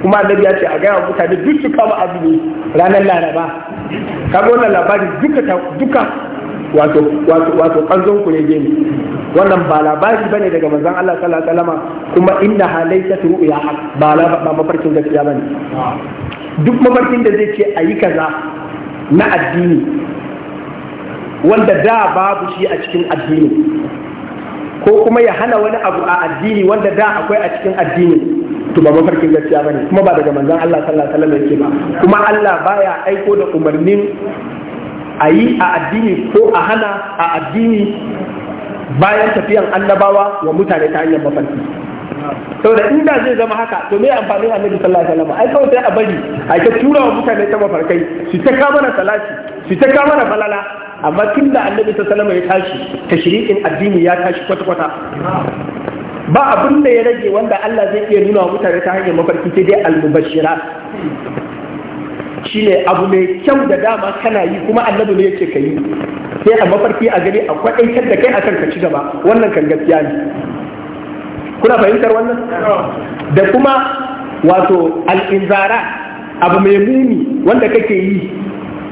kuma annabi ya ce a gaya mutane duk su kama azumi ranar laraba kaga wannan labari duka duka wato wato wato kanzon ku ne gemu wannan ba labari bane daga manzon Allah sallallahu alaihi wasallam kuma inna halaita ru'ya ba ba mafarkin gaskiya bane duk mafarkin da zai ce ayi kaza na addini wanda da babu shi a cikin addini ko kuma ya hana wani abu a addini wanda da akwai a cikin addini to ba mafarkin gaskiya bane kuma ba daga manzon Allah sallallahu alaihi wasallam yake ba kuma Allah baya aiko da umarnin a yi a addini ko a hana a addini bayan tafiyan annabawa wa mutane ta hanyar mafarki saboda inda zai zama haka to me amfanin annabi sallallahu alaihi wasallam ai kawai sai a bari a ta tura wa mutane ta mafarkai su ta kama na salati su ta kama na balala amma tun da annabi sallallahu alaihi ya tashi tashri'in addini ya tashi kwata kwata ba abin da ya rage wanda Allah zai iya nuna wa mutane ta hanyar mafarki sai dai al shine abu mai kyau da dama kana yi kuma annabi ne yake ka yi sai a mafarki a gani a kwaɗaitar da kai akan ka ci gaba wannan kan gaskiya ne kuna fahimtar wannan da kuma wato al'inzara abu mai muni wanda kake yi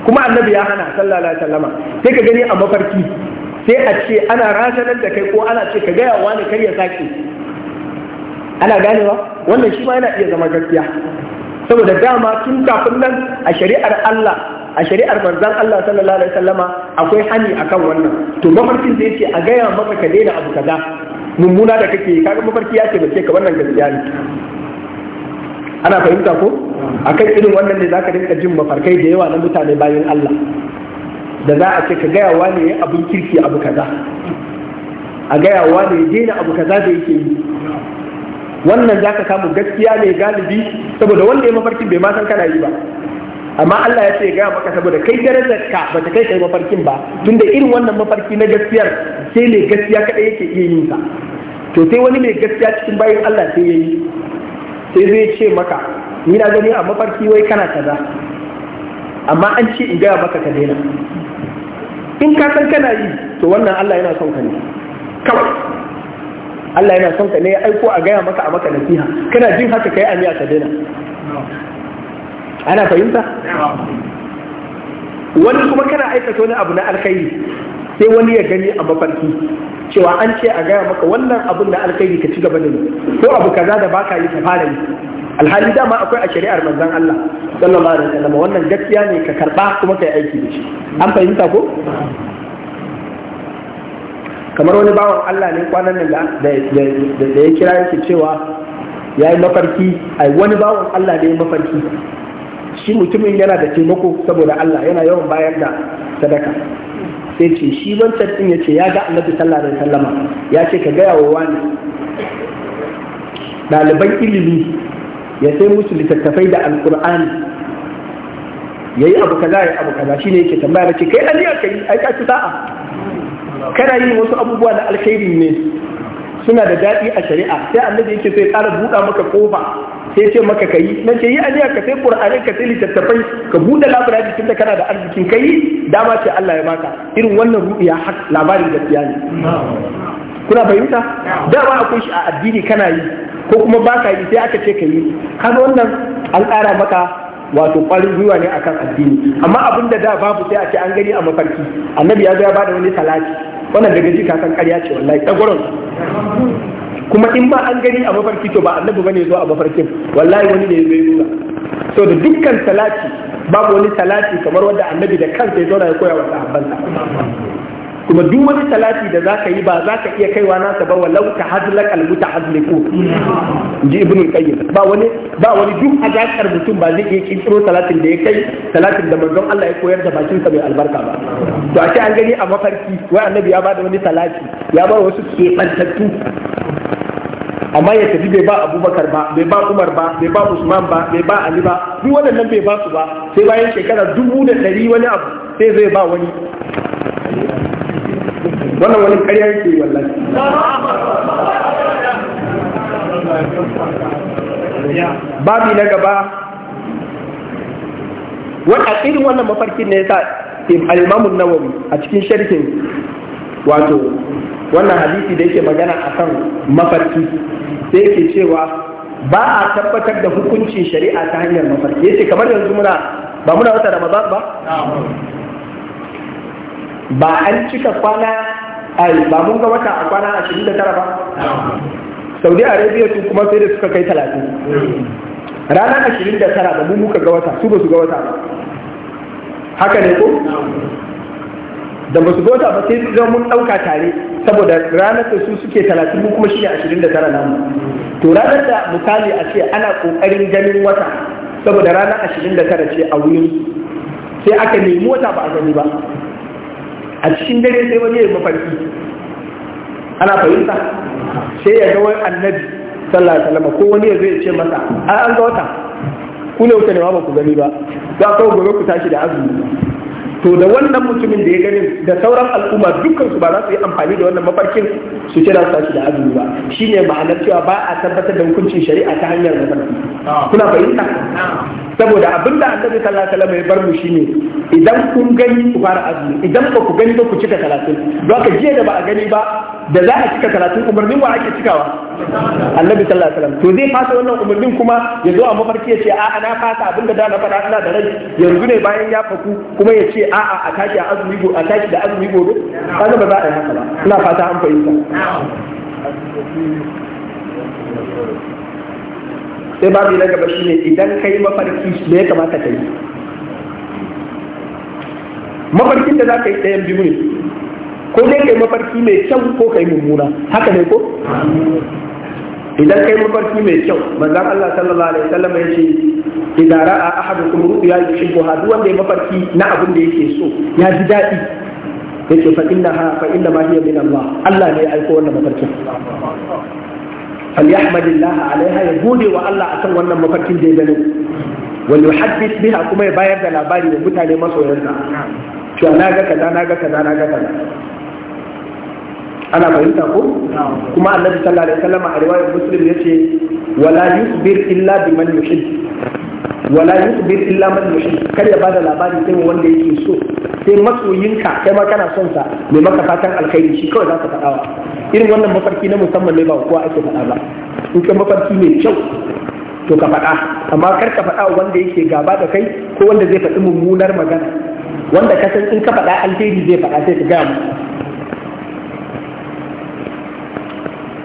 kuma annabi ya hana sallallahu alaihi wasallama sai ka gani a mafarki sai a ce ana rasanar da kai ko ana ce ka gaya wani kar ya sake ana ganewa wannan shi ma yana iya zama gaskiya saboda dama tun kafin nan a shari'ar Allah a shari'ar manzan Allah sallallahu alaihi wasallama akwai hani akan wannan to mafarkin da yake a gaya maka ka daina abu kaza mummuna da kake kaga mafarki ya ce ba ce ka wannan gaskiya ne ana fahimta ko akan irin wannan ne zaka rinka jin mafarkai da yawa na mutane bayan Allah da za a ce ka gaya wa ne abun kirki abu kaza a gaya wa ne daina abu kaza da yake yi wannan za ka samu gaskiya ne galibi saboda wanda ya mafarkin bai ma san kana yi ba amma Allah ya ce ga maka saboda kai darajar ka ba ta kai kai mafarkin ba tunda irin wannan mafarki na gaskiyar sai ne gaskiya kadai yake iya yin sa to sai wani mai gaskiya cikin bayan Allah sai yayi sai zai ce maka ni na gani a mafarki wai kana kaza amma an ce in gaya maka ka daina in ka san kana yi to wannan Allah yana son ka ne kawai Allah yana son ka ne ya aiko a gaya maka a maka nasiha kana jin haka kai a miya daina ana fahimta wani kuma kana aikata wani abu na alkhairi sai wani ya gani a mafarki cewa an ce a gaya maka wannan abun na alkhairi ka ci gaba da ko abu kaza da baka yi ka fara yi alhali dama akwai a shari'ar manzon Allah sallallahu alaihi wasallam wannan gaskiya ne ka karba kuma kai aiki da shi an fahimta ko kamar wani bawan Allah ne kwanan nan da ya kira yake cewa ya yi mafarki ai wani bawan Allah ne mafarki shi mutumin yana da taimako saboda Allah yana yawan bayar da sadaka sai ce shi wancan din ya ce ya ga annabi sallallahu alaihi wasallama ya ce ka gaya wa wani ɗaliban ilimi ya sai musu littattafai da alkur'ani ya abu kaza yayi abu kaza shine yake tambaya ce kai aliya kai ai ka ci sa'a kana yin wasu abubuwa na alkhairi ne suna da daɗi a shari'a sai annabi yake sai ƙara buɗa maka kofa sai ce maka kayi na ce yi aliya ka sai qur'ani ka sai littattafai ka buɗe labirari tun da kana da arzikin kayi dama ce Allah ya baka irin wannan ru'iya hak labarin gaskiya ne kuna fahimta ba akwai shi a addini kana yi ko kuma baka yi sai aka ce ka yi kaga wannan an ƙara maka wato ƙwarin gwiwa ne akan addini amma abin da da babu sai a ce an gani a mafarki annabi ya zo ya bada wani salati wannan daga ji kasan karya ce wallahi tsagoron kuma in ba an gani a mafarki to ba annabi bane zo a mafarkin wallahi wani ne zai nuna so da dukkan salati babu wani salati kamar wanda annabi da kansa ya zauna ya koya wa sahabbansa kuma duk wani salati da zaka yi ba zaka iya kaiwa nasa ba walau ta hazlak al mutahazliku ji ibn qayyim ba wani ba wani duk azakar mutum ba zai iya kiro salatin da ya kai salatin da manzon Allah ya koyar da bakin sa mai albarka ba to a ce an gani a mafarki wai annabi ya bada wani salati ya ba wasu kebantattu amma ya tafi bai ba abubakar ba bai ba umar ba bai ba usman ba bai ba ali ba duk waɗannan bai ba su ba sai bayan shekara dubu da ɗari wani abu sai zai ba wani wannan wani ƙarya yake wallahi babi na gaba wani a irin wannan mafarkin ne ya sa alimamun nawawi a cikin sharkin wato wannan hadisi da yake magana akan mafarki sai yake cewa ba a tabbatar da hukuncin shari'a ta hanyar mafarki yace kamar yanzu muna ba muna wata ramadan ba ba an cika kwana ai ba mun ga wata a kwana 29 ba saudi arabia su kuma sai da suka kai 30 ranar 29 da mun muka ga wata su ba su ga wata ba haka ne ko da ba su bauta ba sai zama mun ɗauka tare saboda ranar da su suke talatin mu kuma shine ashirin da tara namu to ranar da misali a ce ana ƙoƙarin ganin wata saboda ranar ashirin da tara ce a wurin sai aka nemi wata ba a gani ba a cikin dare sai wani ya mafarki ana fahimta sai ya ga wani annabi sallallahu alaihi wasallam ko wani ya zo ya ce masa an ga wata ku ne kuka nema ba ku gani ba za ku gobe ku tashi da azumi to da wannan mutumin da ya gani da sauran al'umma dukkan su ba za su yi amfani da wannan mafarkin su ce da su da azumi ba shine ma'anar cewa ba a tabbatar da hukuncin shari'a ta hanyar mafarki kuna fahimta saboda abin da annabi sallallahu alaihi wasallam ya bar mu shine idan kun gani ku fara azumi idan ba ku gani ba ku cika talatin don haka jiya da ba a gani ba da za a cika talatin umarnin wa ake cikawa annabi sallallahu alaihi wasallam to zai fasa wannan umarnin kuma ya zo a mafarki ya ce a ana fasa abin da na faɗa ina da rai yanzu ne bayan ya faku kuma ya ce a a a tashi a azumi a tashi da azumi gobe kaga ba za a yi haka ba ina fata an fahimta sai babu na gaba shine idan ka mafarki me ya kamata ka yi mafarkin da za ka yi ɗayan biyu ne ko dai ka mafarki mai kyau ko ka yi mummuna haka ne ko idan kai mafarki mai kyau manzon Allah sallallahu alaihi wasallam ya ce idan ra'a ahadukum ru'ya ko, hadu wanda ya mafarki na abin da yake so ya ji daɗi yake fa innaha fa inna ma hiya min Allah Allah ne ya aiko wannan mafarki. falyahmadillah alaiha ya buɗe wa Allah akan wannan mafarkin da ya gani wal yuhaddith biha kuma ya bayar da labari da mutane masoyansa cewa na ga kaza na ga kaza na ga kaza ana fahimta ko kuma annabi sallallahu alaihi wasallam a riwayar muslim yace wala yusbir illa biman yuhib wala yusbir illa man yuhib kar ya bada labari wanda so sai masoyinka kai ma kana son sa mai maka fatan alkhairi shi kawai za ka faɗa wa irin wannan mafarki na musamman ne ba kowa ake faɗa ba in kai mafarki mai kyau to ka faɗa amma kar ka faɗa wanda yake gaba da kai ko wanda zai faɗi mummunar magana wanda ka san in ka faɗa alkhairi zai faɗa sai ka gaya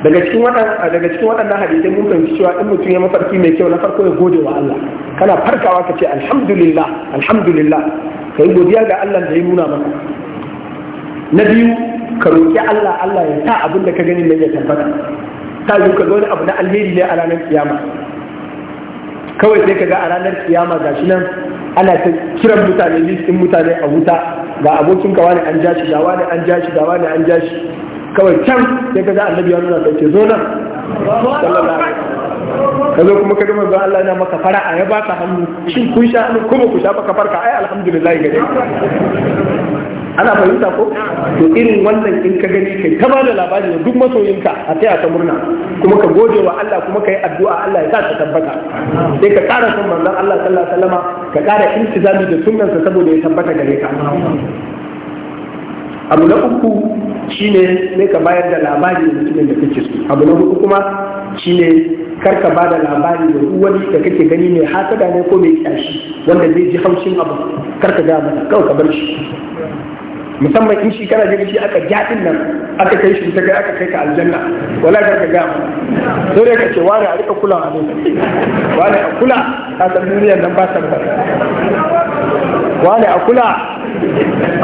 daga cikin waɗannan daga cikin waɗannan hadisai mun fahimci cewa in mutum ya mafarki mai kyau na farko ya gode wa Allah kana farkawa ka ce alhamdulillah alhamdulillah ka yi godiya ga Allah da ya nuna maka na biyu ka roƙi Allah Allah ya sa abin da ka gani ne ya tabbata ta yi ka ga abu na alheri ne a ranar kiyama kawai sai ka ga a ranar kiyama gashi nan ana ta kiran mutane listin mutane a wuta ga abokin ka wani an ja shi dawa ne an ja shi dawa ne an ja shi kawai can sai ka ga annabi ya nuna sai ce zo nan sallallahu alaihi ka zo kuma ka kaga manzo Allah yana maka fara'a ya baka hannu shin kun sha hannu kuma ku sha baka farka ai alhamdulillah gare ana fahimta ko to irin wannan in ka gani kai ta bada labari duk masoyinka a taya ta murna kuma ka gode wa Allah kuma ka yi addu'a Allah ya sa ta tabbata sai ka ƙara son manzon Allah sallallahu alaihi wasallama ka kara intizami da sunnansa saboda ya tabbata gare ka abu na uku shine sai ka bayar da labari da mutumin da kake so abu na uku kuma shine kar ka ba da labari da wani da kake gani mai hasada ne ko mai kyashi wanda zai ji haushin abu kar ka gaya masa kawai ka bar shi musamman in shi kana shi aka jaɗin nan aka kai shi ta kai aka kai ka aljanna wala ka ga so dai ka ce wani a rika kula a ne wani a kula ka san duniyar nan ba san ba wani a kula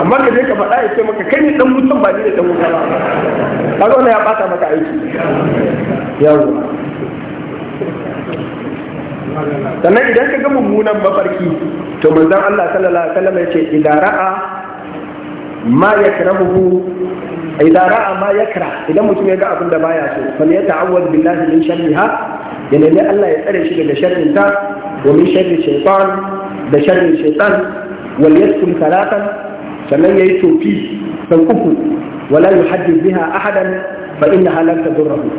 amma ka je ka faɗa ya ce maka kai ne dan mutum ba ni da dan mutum ba kaga wannan ya bata maka aiki yawo sannan idan ka ga mummunan mafarki to manzon Allah sallallahu alaihi wasallam yace idan ra'a ma yakrahu idan ra'a ma yakra idan mutum ya ga abin da baya so fal da billahi min sharriha ya nemi Allah ya tsare shi daga sharrin ta domin sharrin shaytan da sharrin shaytan wal yaskum salatan sannan yayi tofi san kuku wala yuhaddith biha ahadan fa halarta lan tadurruhu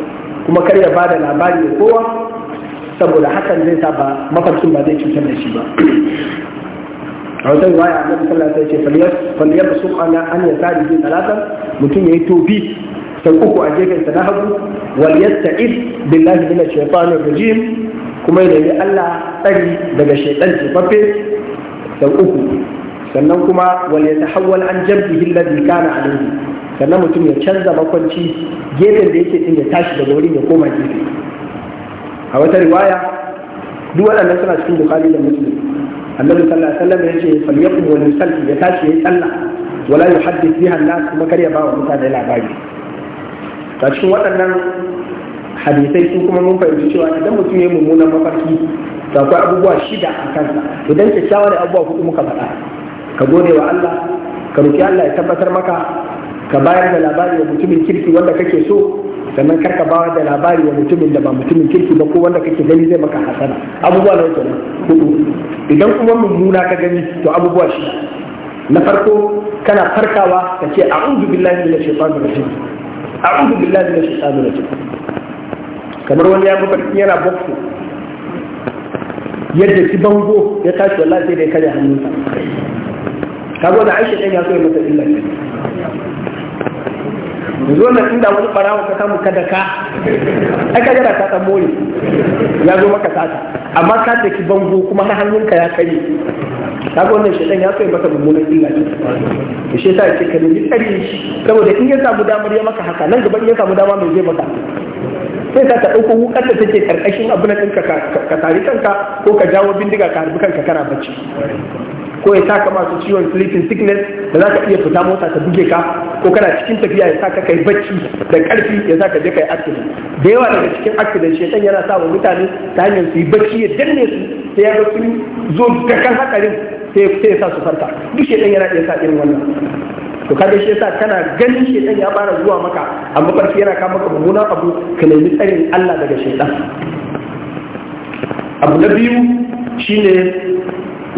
kuma kar ya bada labari da kowa saboda hakan zai sa ba mafarkin ba zai cutar da shi ba a wata riwaya annabi sallallahu alaihi wasallam ya ce faliyar su ana an ya sari bi talatan mutum yayi tobi sai uku a gefen sa na hagu wal yasta'id billahi minash shaitanir rajim kuma ya nemi Allah tsari daga shaitan tafaffe sai uku sannan kuma wal yatahawwal an jabbihi alladhi kana alayhi sannan mutum ya canza makwanci gefen da yake ɗin ya tashi daga wurin ya koma gefe a wata riwaya duk waɗannan suna cikin bukhari da muslim annabi sallallahu alaihi wasallam yace falyakun wal musalli ya tashi yayi sallah wala yuhaddith biha an-nas kuma kar ya bawa mutane labari ta cikin waɗannan hadisai sun kuma mun fahimci cewa idan mutum ya mummunan mafarki to akwai abubuwa shida a kansa idan kyakkyawa ne abubuwa hudu muka faɗa ka gode wa Allah ka roki Allah ya tabbatar maka ka bayar da labari wa mutumin kirki wanda kake so sannan karka ba da labari wa mutumin da ba mutumin kirki ba ko wanda kake gani zai maka hasana abubuwa na kenan hudu idan kuma mummuna ka gani to abubuwa shi na farko kana farkawa ka ce a'udhu billahi minash shaitanir rajim a'udhu billahi minash shaitanir rajim kamar wani ya mafarki yana boxing yadda shi bango ya tashi wallahi sai da ya hannun hannunsa kago da Aisha ɗan ya so ya masa illa yanzu wannan inda wani barawa ka samu kada ka ai ka gada ka dan mori ya zo maka sata amma ka ki bango kuma har hannunka ya kare ka ga wannan shedan ya kai maka mummunan illa ce ki shi yasa ki ka nemi shi saboda in ya samu damar ya maka haka nan gaba in ya samu dama mai zai maka sai ka ta ɗauko wukar da take karkashin abin ɗinka ka tari kanka ko ka jawo bindiga ka harbi kanka kana bacci ko ya saka masu ciwon sleeping sickness da za ka iya fita mota ta buge ka ko kana cikin tafiya ya saka kai bacci da karfi ya saka je kai accident da yawa daga cikin accident shekan yana sa wa mutane ta hanyar su yi bacci ya danne su sai ya ga sun zo kan hakarin sai ya sa su farka duk shekan yana iya sa irin wannan to kaga shi yasa kana ganin shedan ya fara zuwa maka amma farki yana kama maka mummunan abu ka nemi tsarin Allah daga shedan abu na biyu shine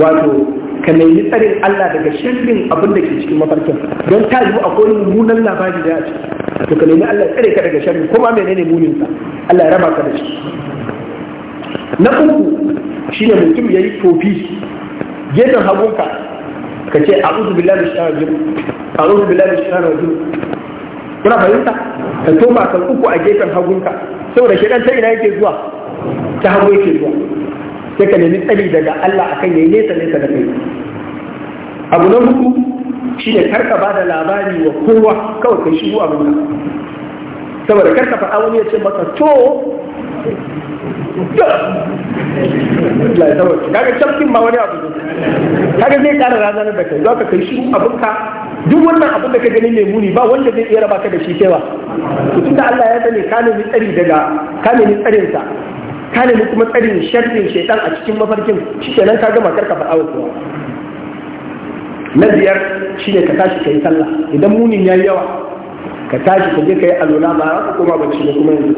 wato ka nemi tsarin Allah daga shirin abin da ke cikin mafarkin don ta yi kone munan labari da ce to ka nemi Allah tsare ka daga shirin kuma menene munin sa Allah ya raba ka da shi na uku ne mutum yi tofi gefen hagunka ka ce a billahi minash shaitanir rajim a'udhu billahi minash shaitanir rajim kuna fahimta ka toba kan uku a gefen hagunka saboda shedan ta ina yake zuwa ta hagu yake zuwa sai ka nemi tsari daga Allah akan yayi nesa nesa da kai abu na hudu shi ne karka ba da labari wa kowa kawai kai shigo abin ka saboda karka faɗa wani ya ce maka to kaga tafkin ma wani abu kaga zai kara ranar da kai za ka kai shi abin ka duk wannan abin da ka gani mai muni ba wanda zai iya raba ka da shi kewa tunda Allah ya sani ka nemi tsari daga ka nemi tsarin sa ka nemi kuma tsarin sharrin shaitan a cikin mafarkin shi kenan ka gama karka faɗa wa kowa na biyar shi ne ka tashi ka yi sallah idan munin ya yi yawa ka tashi ka je ka yi alola ba za ka koma shi ne kuma yanzu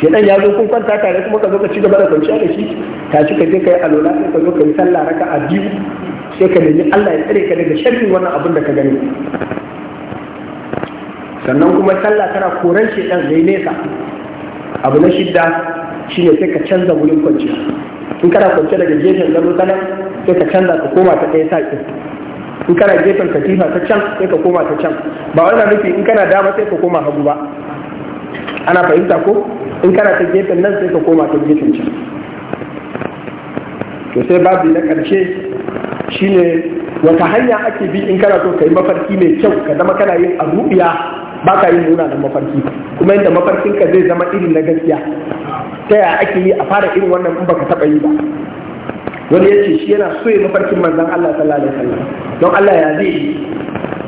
shaitan ya zo kun kwanta tare kuma ka zo ka ci gaba da kwanciya da shi tashi ka je ka yi alola sai ka zo ka yi sallah raka a biyu sai ka nemi Allah ya tsare ka daga sharrin wannan abin da ka gani sannan kuma sallah tana koran shaitan zai nesa abu na shidda shi ne sai ka canza wurin kwanciya in kana kwance daga gefen gado kanan sai ka canza ka koma ta ɗaya saƙin in kana gefen katifa ta can sai ka koma ta can ba wannan nufi in kana dama sai ka koma hagu ba ana fahimta ko in kana ta gefen nan sai ka koma ta gefen can to sai babu na ƙarshe shine wata hanya ake bi in kana so ka yi mafarki mai kyau ka zama kana yin a ba ka yin nuna da mafarki kuma yadda mafarkinka zai zama irin na gaskiya ta yaya ake yi a fara irin wannan in baka taba yi ba wani ya ce shi yana so ya mafarkin manzan Allah sallallahu alaihi wasallam don Allah ya zai yi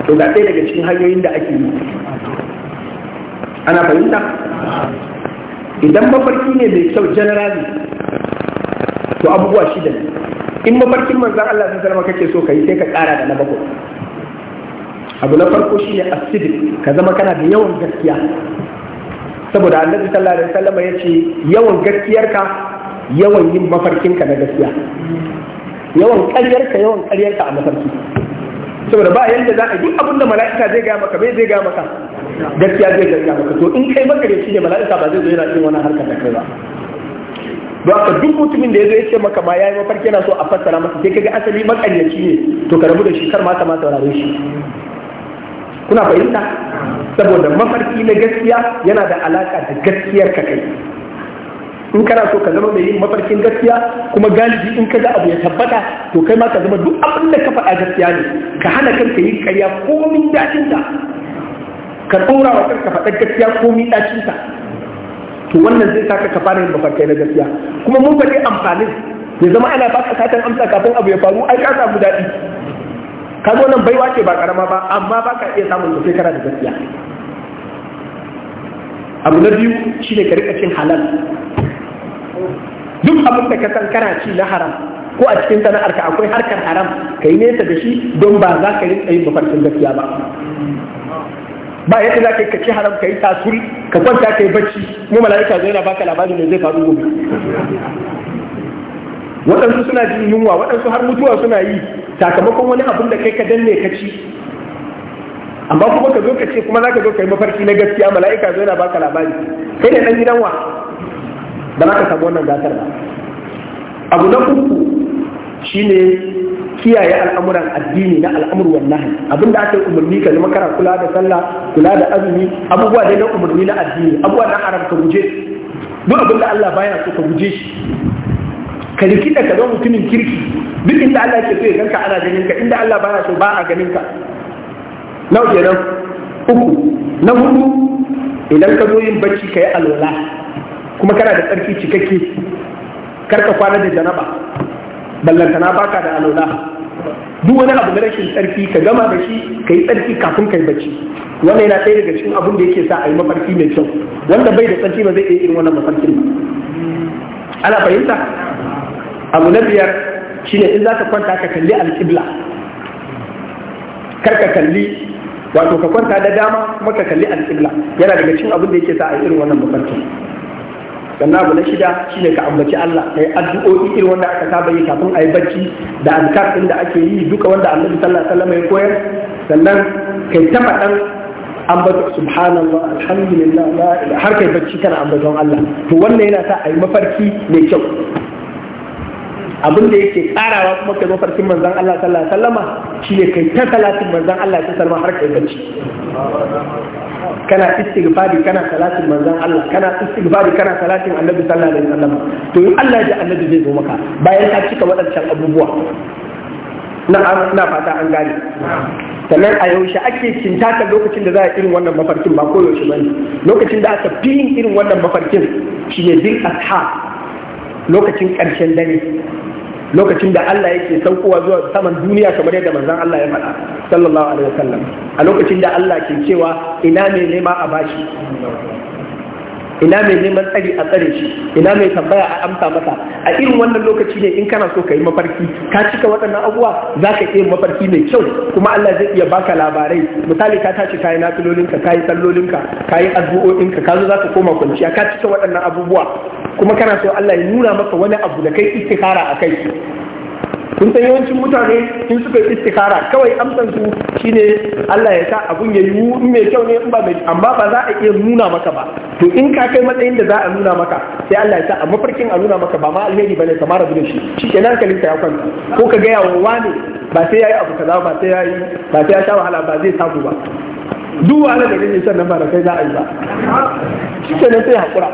to ga ɗaya daga cikin hanyoyin da ake yi ana fahimta idan mafarki ne mai kyau generally to abubuwa shida ne in mafarkin manzan Allah sun salama kake so ka yi sai ka ƙara da na bakwai abu na farko shi ne asidik ka zama kana da yawan gaskiya saboda annabi sallallahu alaihi wasallam ya ce yawan gaskiyarka yawan yin mafarkinka na gaskiya yawan ƙaryarka yawan ƙaryarka a mafarki saboda ba yanda za a duk abin da mala'ika zai gaya maka bai zai gaya maka gaskiya zai gaya maka to in kai maka da shi ne mala'ika ba zai zo yana cikin wani harkar da kai ba don haka duk mutumin da ya zo ya ce maka ma ya yi mafarki yana so a fassara masa sai kaga asali makaryaci ne to ka rabu da shi kar ma ta ma saurare shi kuna fahimta saboda mafarki na gaskiya yana da alaka da gaskiyar ka kai in kana so ka zama mai yin mafarkin gaskiya kuma galibi in ka ga abu ya tabbata to kai ma ka zama duk abin da ka faɗa gaskiya ne ka hana kanka yin ƙarya komin min ta ka ɗora wa kanka faɗa gaskiya komin ɗacin ta to wannan zai saka ka fara yin mafarkai na gaskiya kuma mun faɗi amfanin ya zama ana baka satan amsa kafin abu ya faru ai ka samu daɗi Ka zo nan baiwa ce ba karama ba amma ba ka iya samun sai kana da gaskiya abu na biyu shine ka rika cin halal duk abin da ka san kana ci na haram ko a cikin sana'ar ka akwai harkar haram ka yi nesa da shi don ba za ka rinka yin mafarkin gaskiya ba ba yadda za ka ci haram ka yi tasuri ka kwanta ka yi bacci mu mala'ika zai na baka labarin da zai faru gobe waɗansu suna jin yunwa waɗansu har mutuwa suna yi sakamakon wani abin da kai ka danne ka ci amma kuma ka zo ka ce kuma za ka zo ka yi mafarki na gaskiya mala'ika zo yana baka labari kai ne dan gidan wa ba za ka samu wannan gatar ba abu na uku shine kiyaye al'amuran addini na al'amur wan nahi da aka yi umarni ka zama kana kula da sallah kula da azumi abubuwa dai na umarni na addini abubuwa na haram guje duk abin da Allah baya so ka guje shi ka rikita ka zama mutumin kirki duk inda Allah ke so ya ganka ana ganin ka inda Allah baya so ba a ganin ka uku uku na hudu idan ka zo yin bacci ka yi alwala kuma kana da tsarki cikakke karka kwana da janaba ballantana baka da alwala duk wani abu na rashin tsarki ka gama da shi ka tsarki kafin ka yi bacci wannan yana ɗaya daga cikin abin da yake sa a yi mafarki mai kyau wanda bai da tsarki ba zai iya irin wannan mafarkin ba ana fahimta abu na biyar shine in za ka kwanta ka kalli alƙibla kar ka kalli wato ka kwanta da dama kuma ka kalli alƙibla yana daga cin abin da yake sa a irin wannan mafarkin sannan abu na shida shine ka ambaci Allah kai addu'o'i irin wanda aka saba yi kafin a yi bacci da azkar din da ake yi duka wanda Annabi sallallahu alaihi wasallam ya koyar sannan kai ta faɗan ambata subhanallah alhamdulillah har kai bacci kana ambaton Allah to wannan yana sa a yi mafarki mai kyau abin da yake karawa kuma kai mafarkin manzan Allah sallallahu alaihi wasallama shine kai ta salatin manzan Allah ta sallama har kai bacci kana istighfari kana salatin manzan Allah kana istighfari kana salatin annabi sallallahu alaihi wasallam to in Allah ya annabi zai zo maka bayan ka cika waɗancan abubuwa na na fata an gane sannan a yaushe ake ta lokacin da za a irin wannan mafarkin ba ko yaushe bane lokacin da aka fi irin wannan mafarkin shi ne bil asha lokacin ƙarshen dare lokacin da Allah yake saukowa zuwa saman duniya kamar yadda manzon Allah ya faɗa sallallahu alaihi wasallam a lokacin da Allah ke cewa ina ne nema a bashi ina mai neman tsari a tsare shi ina mai tambaya a amsa masa a irin wannan lokaci ne in kana so ka yi mafarki ka cika waɗannan abubuwa za ka iya mafarki mai kyau kuma Allah zai iya baka labarai misali ka tashi kayi nafilolinka yi sallolinka kayi addu'o'inka ka zo za ka koma kwanciya ka cika waɗannan abubuwa kuma kana so Allah ya nuna maka wani abu da kai istihara a kai kun san yawancin mutane in suka yi istikara kawai amsan su shine Allah ya sa abun ya yi mai kyau ne in ba mai amma ba za a iya nuna maka ba to in ka kai matsayin da za a nuna maka sai Allah ya sa a mafarkin a nuna maka ba ma alheri bane kamar rabu da shi shikenan nan ka ya kwanta ko ka gaya wa wane ba sai yayi abu kaza ba sai yayi ba sai ya sha wahala ba zai samu ba duk wahala da ne sannan ba da kai za a yi ba shikenan sai hakura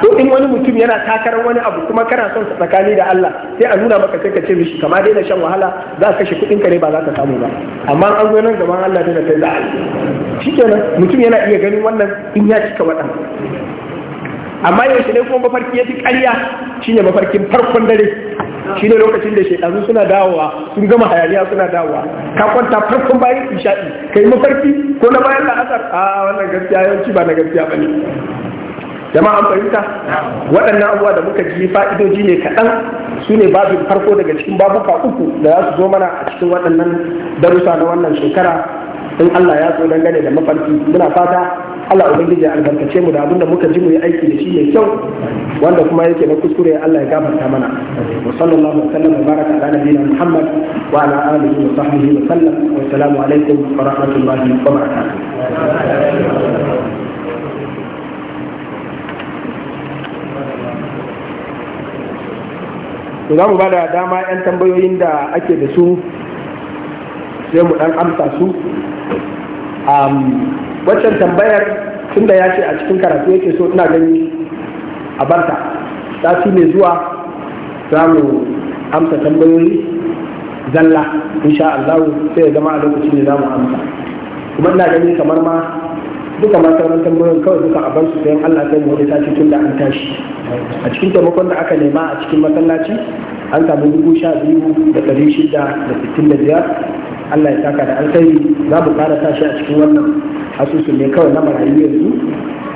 Ko in wani mutum yana takarar wani abu kuma kana son sa tsakani da Allah sai a nuna maka sai ka ce mishi kama daina shan wahala za ka kashe kuɗin ka ne ba za ka samu ba amma an zo nan gaban Allah da sai za a shikenan mutum yana iya ganin wannan in ya cika wadan amma yaushe ne kuma mafarki ya fi ƙarya shine mafarkin farkon dare shi ne lokacin da shekaru suna dawowa sun gama hayaniya suna dawowa ka kwanta farkon bayan isha'i kai mafarki ko na bayan la'asar a wannan gaskiya yawanci ba na gaskiya ba ne Jama'an fahimta waɗannan abubuwa da muka ji fa'idoji ne kaɗan su ne babin farko daga cikin babuka uku da za su zo mana a cikin waɗannan darussa na wannan shekara in Allah ya so dangane da mafarki muna fata Allah ubangiji ya albarkace mu da abin da muka ji mu yi aiki da shi mai kyau wanda kuma yake na kuskure Allah ya gafarta mana wa sallallahu alaihi wa sallam baraka ala nabiyina Muhammad wa ala alihi wa sahbihi wa sallam wa assalamu alaikum wa rahmatullahi wa barakatuh to za mu ba da dama 'yan tambayoyin da ake da su sai mu dan amsa su waccan tambayar tunda ya ce a cikin karatu yake so ina gani a barta su ne zuwa za mu amsa tambayoyi zalla insha Allah sai ya zama a lokacin da za mu amsa kuma ina gani kamar ma duka ma sauran kawai duka a bar su sayan Allah sai mu ta cikin da an tashi a cikin taimakon da aka nema a cikin masallaci an samu dubu sha biyu da ɗari shida da sittin da biyar Allah ya saka da alkhairi za mu fara tashi a cikin wannan asusu ne kawai na marayu yanzu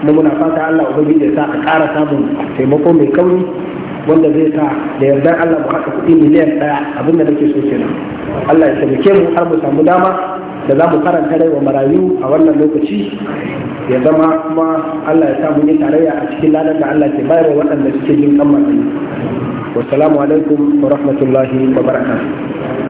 kuma muna fata Allah ubangi ya sa a ƙara samun taimako mai kauri wanda zai sa da yardar Allah mu haƙa kuɗi miliyan ɗaya abinda nake so kenan Allah ya taimake mu har mu samu dama da za mu karanta rai wa marayu a wannan lokaci ya zama kuma Allah ya samu yi tarayya a cikin ladar da Allah ke bayarwa waɗanda suke jin kan wassalamu alaikum wa rahmatullahi wa barakatuh